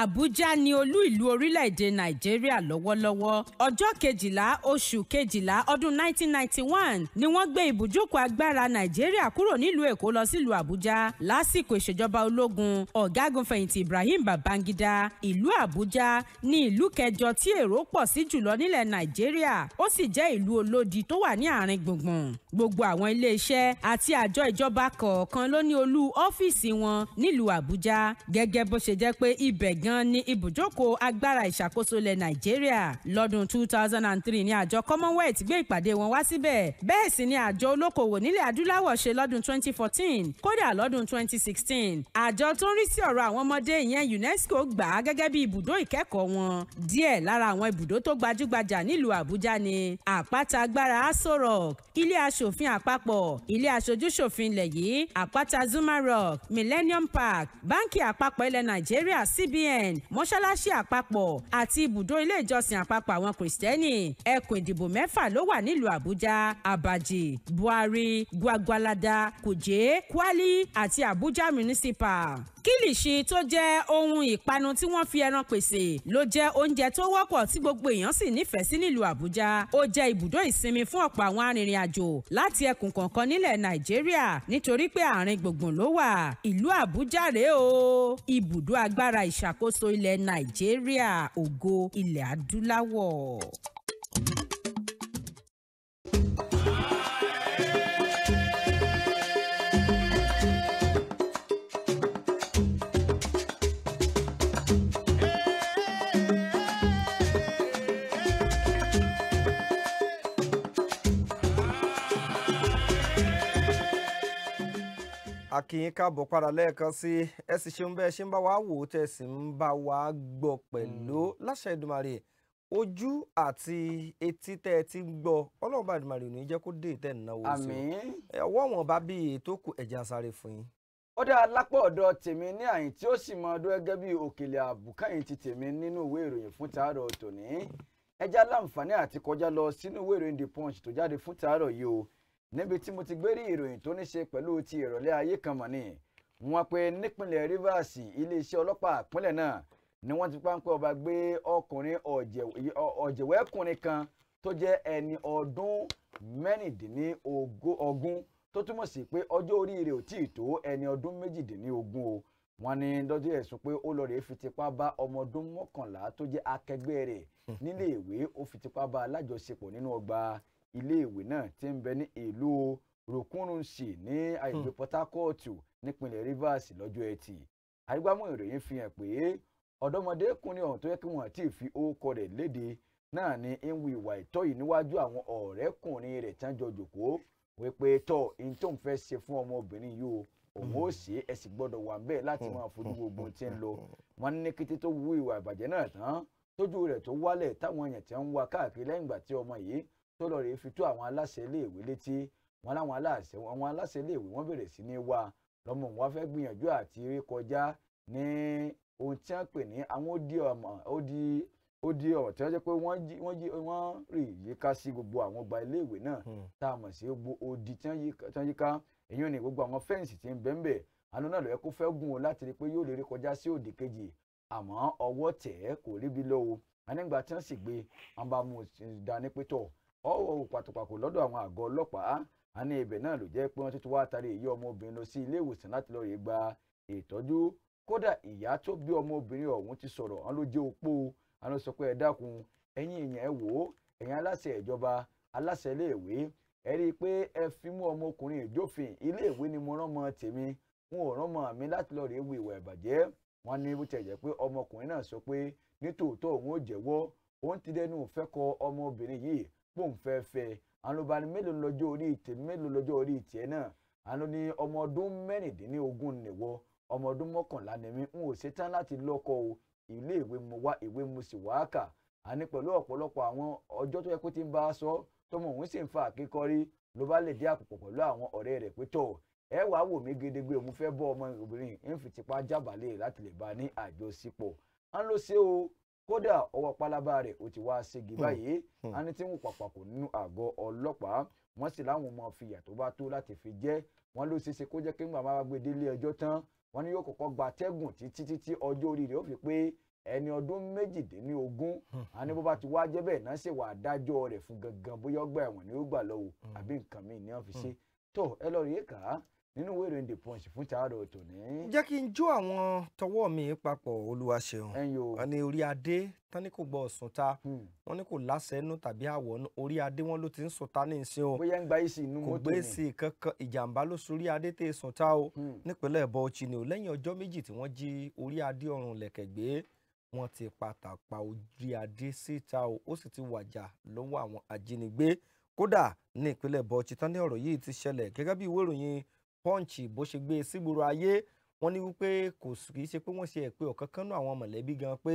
Abuja ni olú ìlú orílẹ̀-èdè Nàìjíríà lọ́wọ́lọ́wọ́ ọjọ́ kejìlá oṣù kejìlá ọdún 1991 ni wọ́n gbé ibùjókòó agbára Nàìjíríà kúrò nílùú Èkó lọ sílùú Àbújá lásìkò ìṣèjọba ológun ọ̀gágun fẹ̀yìntì Ibrahim Babangida ìlú Àbújá ni ìlú kẹjọ tí èrò pọ̀ sí jùlọ nílẹ̀ Nàìjíríà ó sì jẹ́ ìlú olódi tó wà ní àárín gbùngbùn gbogbo àwọn iléeṣẹ́ àti àjọ ìjọba kọ̀ọ̀kan ló ní olú ọ́fíìsì wọn nílùú Àbújá gẹ́gẹ́ bó ṣe jẹ́ pé ibẹ̀ gan gan ni ibùjókòó agbára ìṣàkóso ilẹ̀ nàìjíríà lọ́dún two thousand and three ni àjọ commonwealth gbé ìpàdé wọn wá síbẹ̀ bẹ́ẹ̀ sì ni àjọ olókoòwò nílẹ̀ adúláwọ̀ ṣe lọ́dún twenty fourteen kódà lọ́dún twenty sixteen àjọ tó ń rí sí ọ̀rọ̀ àwọn ọmọdé ìyẹn unesco gbà á gẹ́gẹ́ bí ibùdó ìkẹ́kọ̀ọ́ wọn díẹ̀ lára àwọn ibùdó tó gbajúgbajà nílùú àbújá ni àpáta agbára aso rock ilé aṣòfin àpapọ̀ ilé aṣojúṣòfin ilẹ̀ yìí àpáta zuma rock millennium park báńkì àpapọ̀ ilẹ̀ nàìjíríà cbn un mọ́ṣáláṣí àpapọ̀ àti ibùdó ilé ìjọsìn àpapọ̀ àwọn kìrìsìtẹ́nì ẹkùn ìdìbò mẹ́fà ló wà nílùú àbújá àbàjì buhari gwagwalada kùjé kwali àti àbújá municipal kílìṣì tó jẹ́ ohun ìpanu tí wọ́n fi ẹran pèsè ló jẹ́ oúnjẹ tó wọ́pọ̀ tí gbogbo èèyàn sì nífẹ̀ẹ́ sí nílùú àbújá ó jẹ́ ibùdó ìsinmi fún ọ̀pọ̀ àwọn arìnrìn-àjò láti ẹkùn kọ̀ọ̀kan nílẹ̀ nàìjíríà nítorí pé àárín gbùngbùn ló wà ìlú àbújá rèé o ibùdó agbára ìṣàkóso Ìṣàkóso ilẹ̀ Nàìjíríà ògo ilẹ̀ adúláwọ̀. akínyìn káàbọ̀ padà lẹ́ẹ̀kan sí ẹ sì ṣeun bẹ́ẹ̀ ṣe ń bá wa wò ó tẹ̀ sì ń bá wa gbọ́ pẹ̀lú hmm. láṣẹ Èdùmàrè ojú àti etí tẹ́ ẹ ti ń gbọ́ ọlọ́run bá Èdùmàrè ò ní jẹ́ kó dé ìtẹ́ ìnáwó sí i ọwọ́ wọn bá bí ètò kù ẹ̀jẹ̀ àsáré fún yín. ó dá lápọ̀ ọ̀dọ̀ tèmi ní àyìn tí ó sì mọ ọdún gẹ́gẹ́ bí òkèlè àbùkáyìn ti tèmi nínú ìwé ìròyìn fún tàárọ̀ tòní ẹja láǹfààní àti kọjá lọ sínú ìwé ìròyìn The Punch tó jáde fún tàárọ̀ yìí o níbi tí mo ti gbé rí ìròyìn tó ní ṣe pẹ̀lú ti ìrọ̀lẹ́ ayé kan mọ̀ ni wọ́n pe nípínlẹ̀ Rivers iléeṣẹ́ ọlọ́pàá ìpínlẹ̀ náà ni wọ́n ti páńpẹ́ ọba gbé ọkùnrin ọ̀jẹ̀wẹ́kùnrin kan tó jẹ́ ẹni ọdún mẹ́rìndínlógún tó túmọ̀ sí pé ọjọ́ orí rẹ̀ ò tíì tó ẹni ọdún méjìdínlógún o wọ́n ní dọ́jú ẹ̀sùn pé ó lọ rèé fitipá bá ọmọ ọdún mọ́kànlá tó jẹ́ akẹgbẹ́ rẹ̀ nílé ìwé ó fitipá bá a nínú ọgbà iléèwé náà ti ń bẹ ní ìlú Ròkúnrúnsì ní àyègbè hmm. Port Harcourt nípínlẹ̀ Rivers lọ́jọ́ Ẹtì àrígbámú ìròyìn fi hàn pé ọ̀dọ́mọdékùnrin ọ̀hún tó yẹ kí wọ́n ti fi orúkọ rẹ̀ léde náà ni ń wu ìwà ìtọ́ yìí níwájú àwọn ọ̀rẹ́kùnrin rẹ̀ tán jọ jòkó wípé tọ́ ihun tó ń fẹ́ ṣe fún ọmọbìnrin yìí o òun ó hmm. ṣe é ẹ̀sìn gbọ́dọ̀ wà ń bẹ́ẹ̀ láti máa fojú gbogbo tí ń lọ <laughs> wọn ní kété tó wu ìwà ìbàjẹ́ náà tán tójú rẹ̀ tó wálẹ̀ táwọn èèyàn ti ń wá káàkiri lẹ́yìn ìgbà tí ọmọ yìí tó lọ rèé fi tó àwọn aláṣẹ iléèwé létí wọn láwọn aláṣẹ àwọn aláṣẹ iléèwé wọn bẹ̀rẹ̀ sí ní wá lọ́mọ wọn fẹ́ gbìyànjú àti rí kọjá ní ohun tí wọ́n pè ní àwọn odi ọmọ odi odi ọ̀rọ̀ tí wọ́n jẹ́ pé wọ́n jí wọ́n jí wọ́n rì yíká sí gbogbo àwọn ọgbà iléèwé náà hmm. tá a mọ̀ sí gbogbo odi tí wọ́n yíká èyí ni gbogbo àwọn fẹ́ǹsì tí ń bẹ́ẹ̀ bẹ́ẹ̀ àánú náà lọ́yẹ kó fẹ́ gùn o láti rí i pé yóò lè rí kọjá sí òdì kejì àmọ́ ọwọ́ tẹ̀ ẹ́ kò ríbi lọ́wọ́ ànígbà tí wọ́n sì gbé wọn bá mú un dání pé tọ̀ ọwọ́ òpàtòpàkò lọ́dọ̀ àwọn àgọ́ ọlọ́pàá a ní ibẹ̀ náà ló jẹ́ pé wọ́n tún ti wá tarí èyí ọmọbìnrin lọ sí ilé ìwòsàn láti lọ́ọ́ yẹ gba ìtọ́jú kódà ìyá tó bí ọmọbìnrin ọ̀hún ti sọ̀rọ̀ wọn ló jẹ́ opó àwọn sọ pé ẹ dákun ẹ̀yin èèyàn ẹ wò ó ẹ̀yin aláṣẹ ìjọba aláṣẹ iléèwé ẹ rí i pé ẹ fi mú ọmọkùnrin ìjófin iléèwé ni mo rán mọ tèmi n ò rán mọ mi láti lọ́ọ́ rèé wu ìwà ìbàjẹ́ wọn ní bó tiẹ̀ jẹ́ pé ọmọkùnrin náà sọ pé nítòótọ́ òun ò jẹ́wọ́ òun ti dẹnu ìfẹ́ ọmọbìnrin yìí pòun fẹ́ fẹ́ àwọn ló bá ní mélòó lọ́jọ́ orí ìtẹ̀ mélòó lọ́jọ́ orí ìtẹ̀ náà àwọn ní ọmọ ọdún mẹ́rìndínlógún nìwọ ọmọ ọdún mọ́kànlá ni mí n ò ṣetán láti lọ́kọ o ilé ìwé mo wá ìwé mo sì wá kà á ní pẹ̀lú ọ̀pọ̀lọpọ̀ àwọn ọjọ́ tó yẹ kó ti ń bá a sọ tọmọ òun sì ń fa àkíkọ́rí ló bá lè dé àpòpọ̀ pẹ̀lú àwọn ọ̀rẹ́ rẹ̀ pé tọ̀ ẹ wàá wò mí gedegbe òun fẹ́ bọ́ ọmọ obìnrin ń fi tipa jábàálẹ̀ láti lè bá a ní àjọṣepọ̀ á ń lọ sí o kódà ọwọ́ pálábá rẹ̀ ó ti wá ségi hmm. báyìí ẹni hmm. tí wọ́n pàpàkò nínú àgọ́ ọlọ́pàá wọ́n sì láwọn ọmọ fìyà tó bá tó láti fi jẹ wọ́n ló ṣeéṣe kó jẹ́ kí ń bàbá gbé délé ẹjọ́ tán wọ́n ní yóò kọ́kọ́ gba atẹ́gùn títí títí ọjọ́ orí rẹ̀ ó fi pé ẹni ọdún méjìdínlógún àní hmm. bó bá ti wá jẹ́ bẹ́ẹ̀ náà ṣe wà dájọ́ rẹ̀ fún gangan bóyá ọgbà ẹ̀wọ̀n ni ó gbà lọ́wọ́ àbí nǹkan míì ni wọ́n fi ṣe tó ẹ lọ rèé kàá nínú ìwé ìròyìn the punch fún tààrọ̀ tòní. jẹ́ kí n jó àwọn tọwọ́ mi papọ̀ olúwa ṣeun wọn ni orí adé tán ní kò gbọ́ ọ̀sùn ta hmm. wọn ní kò lásẹ̀ẹ́nu tàbí àwọ̀ orí adé wọn ló ti ń sùn ta ní ìsìn o bóyá ń gba èsì inú mọ́tò ni kò gbé èsì kankan ìjàmbá ló sorí adé tẹ̀ sùn ta o hmm. nípínlẹ̀ bọ́ọ̀chì ni o lẹ́yìn ọjọ́ méjì tí wọ́n jí orí adé ọ̀run lẹ̀kẹ̀ gbé wọ́n ti pàtàpà orí adé síta o ó sì ti wàjà lọ́wọ́ àwọn ajínigbé kódà ní ìpínlẹ̀ bọ́ọ̀chì tán ní ọ̀rọ̀ yìí ti ṣẹlẹ̀ gẹ́gẹ́ bí ìwé ìròyìn punch bó ṣe gbé e sígboro ayé wọ́n ní wípé kò kì í ṣe pé wọ́n ṣe ẹ̀ pé ọ̀kan kan náà àwọn mọ̀lẹ́bí gan pé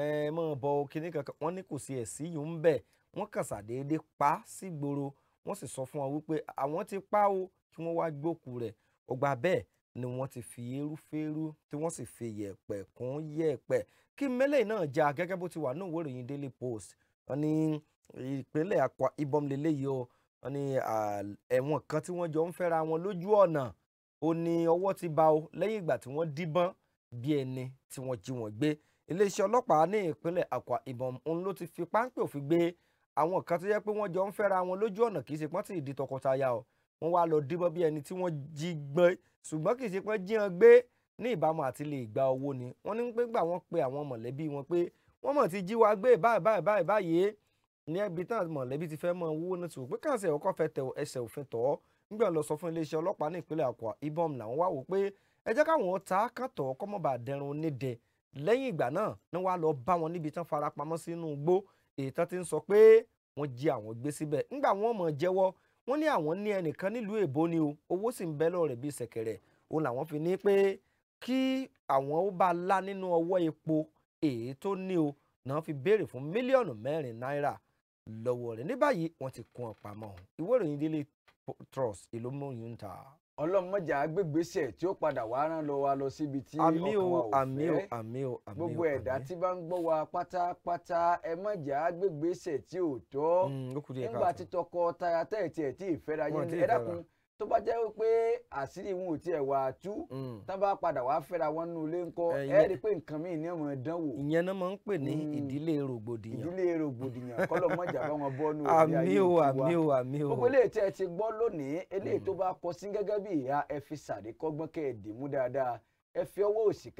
ẹ mọ̀ bọ kinní kankan wọ́n ní kò sí ẹ̀sí yìí ń bẹ̀ wọ́n kàn ṣàdédé pa sígboro wọ́n sì sọ fún wọn wípé àwọn ti pa o kí wọ́n wá gbókù rẹ̀ ọgbà bẹ́ẹ̀ ni wọ́n ti fi erúfẹ́rú tí wọ́n sì fi yẹ̀pẹ̀ kún yẹ̀pẹ̀ kí mẹ́lẹ̀ náà já gẹ́gẹ́ bó ti wà ní òwe ìròyìn Daily Post wọ́n ní ìpínlẹ̀ Akwa Ibom lélẹ́yìí o wọ́n ní ẹ̀wọ̀n kan tí wọ́n jọ ń fẹ́ra wọn lójú ọ̀nà ó ní ọwọ́ ti ba o lẹ́yìn ìgbà tí wọ́n díbọ́n bí ẹni tí wọ́n jí wọn gbé iléeṣẹ́ ọlọ́pàá ní ìpínlẹ̀ Akwa Ibom òun ló ti fi páńpẹ́ òfin gbé àwọn kan tó yẹ pé wọ́n jọ ń fẹ́ra wọn lójú ọ̀nà kì í ṣe pọ́n tí ìdí tọkọtaya o wọ́n wá lọ díbọ́n bí ẹni tí wọ́n jí gbé ṣùgbọ́n kì í ṣe pọ́n jí wọn gbé ní ìbámu àti lè gba owó ni wọ́n ní pé gbà wọ́n pe àwọn mọ̀lẹ́bí wọn pé wọ́n mọ̀ ti jí wa gbé báyìí báyìí báyìí ní ẹbí tá mọ̀lẹ́bí ti fẹ́ mọ owó náà ti wò pé káàsẹ̀ ọkọ̀ fẹ́ tẹ ẹsẹ̀ òfin tọ̀ ọ́ nígbà lọ sọ fún iléeṣẹ́ ọlọ́pàá ní ìpínlẹ̀ Akwa Ibom làwọn wá wò pé ẹ jẹ́ káwọn ta kàtọ̀ ọkọ̀ mọ̀ nídẹ lẹ́yìn ìgbà náà ni wọ́n lọ bá wọn níbi tán farapamọ́ sínú igbó èyí tán ti ń sọ pé wọ́n jí àwọn gbé síbẹ̀ nígbà wọn mọ̀ jẹ́wọ́ wọ́n ní àwọn ní ẹnìkan nílùú èbó ni o owó sì ń bẹ lọ́wọ́ bíi ṣẹ̀kẹ̀rẹ̀ òun làwọn fi ní pé kí àwọn ó bá lá nínú ọwọ́ epo èyí tó ní o náà fi béèrè fún mílíọ̀nù mẹ́rin náírà lọ́wọ́ rẹ̀ ní báyìí wọ́n ti kún ọ pamọ́ ìwé ìròyìn Daily Trust èló mú yín ta. ọlọ́mọjà gbégbèsè tí ó padà wá rán lọ wa lọ síbi tí ọkàn wa ò fẹ́ gbogbo ẹ̀dá tí bá ń gbọ́ wa pátápátá ẹ mọ̀jà gbégbèsè tí ò tọ́ mm, nígbà tí tọkọ taya tẹ̀ tí ì fẹ́ra yín ẹ dákun tó bá jẹ́ pé àṣírí wọn ò tiẹ̀ wà á tú mm. tán bá padà wàá fẹ́ra wọn nínú ilé ńkọ́ eh, ẹ rí i pé nǹkan míì ní ọmọ ẹ̀dán wò. ìyẹn náà máa ń pè ní mm. ìdílé rògbòdìyàn. ìdílé rògbòdìyàn kọ́lọ̀ mọ́jà bá wọn bọ́ nù òbí ayé tiwa. àmì o àmì o àmì o. gbogbo eléyìí tí ẹ ti gbọ́ lónìí eléyìí mm. tó bá kọ sí gẹ́gẹ́ bí ìyá ẹ fi sàrékọ́gbọ́n kẹ́ ẹ dì mú dáadáa ẹ fi ọwọ́ òsì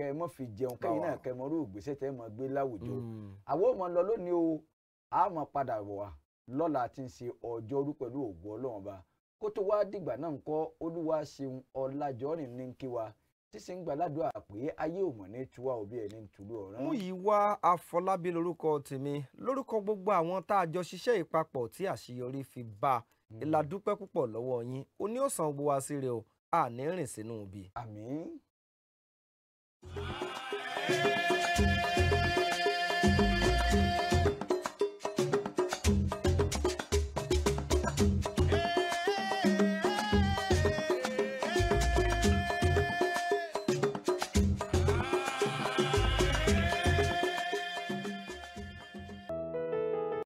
o a lọ́la ti ń ṣe ọjọ́rú pẹ̀lú òògùn ọlọ́run ba kó tó wá dìgbà náà ńkọ́ olúwa ṣeun ọlájọrin ní kí wa sísìn gbàládùá pé ayé ò mọ̀ ní tiwa òbí ẹ̀ ní tùlú ọ̀ràn. Múyìwá Afọlábí lórúkọ tèmi lórúkọ gbogbo àwọn tá a jọ ṣiṣẹ́ ìpapọ̀ tí àṣeyọrí fi bá a hmm. ìlàdúpẹ́ púpọ̀ lọ́wọ́ yín o ní òsàn gbogbo wa sí rẹ o àní rìn sínú ibi. àmín.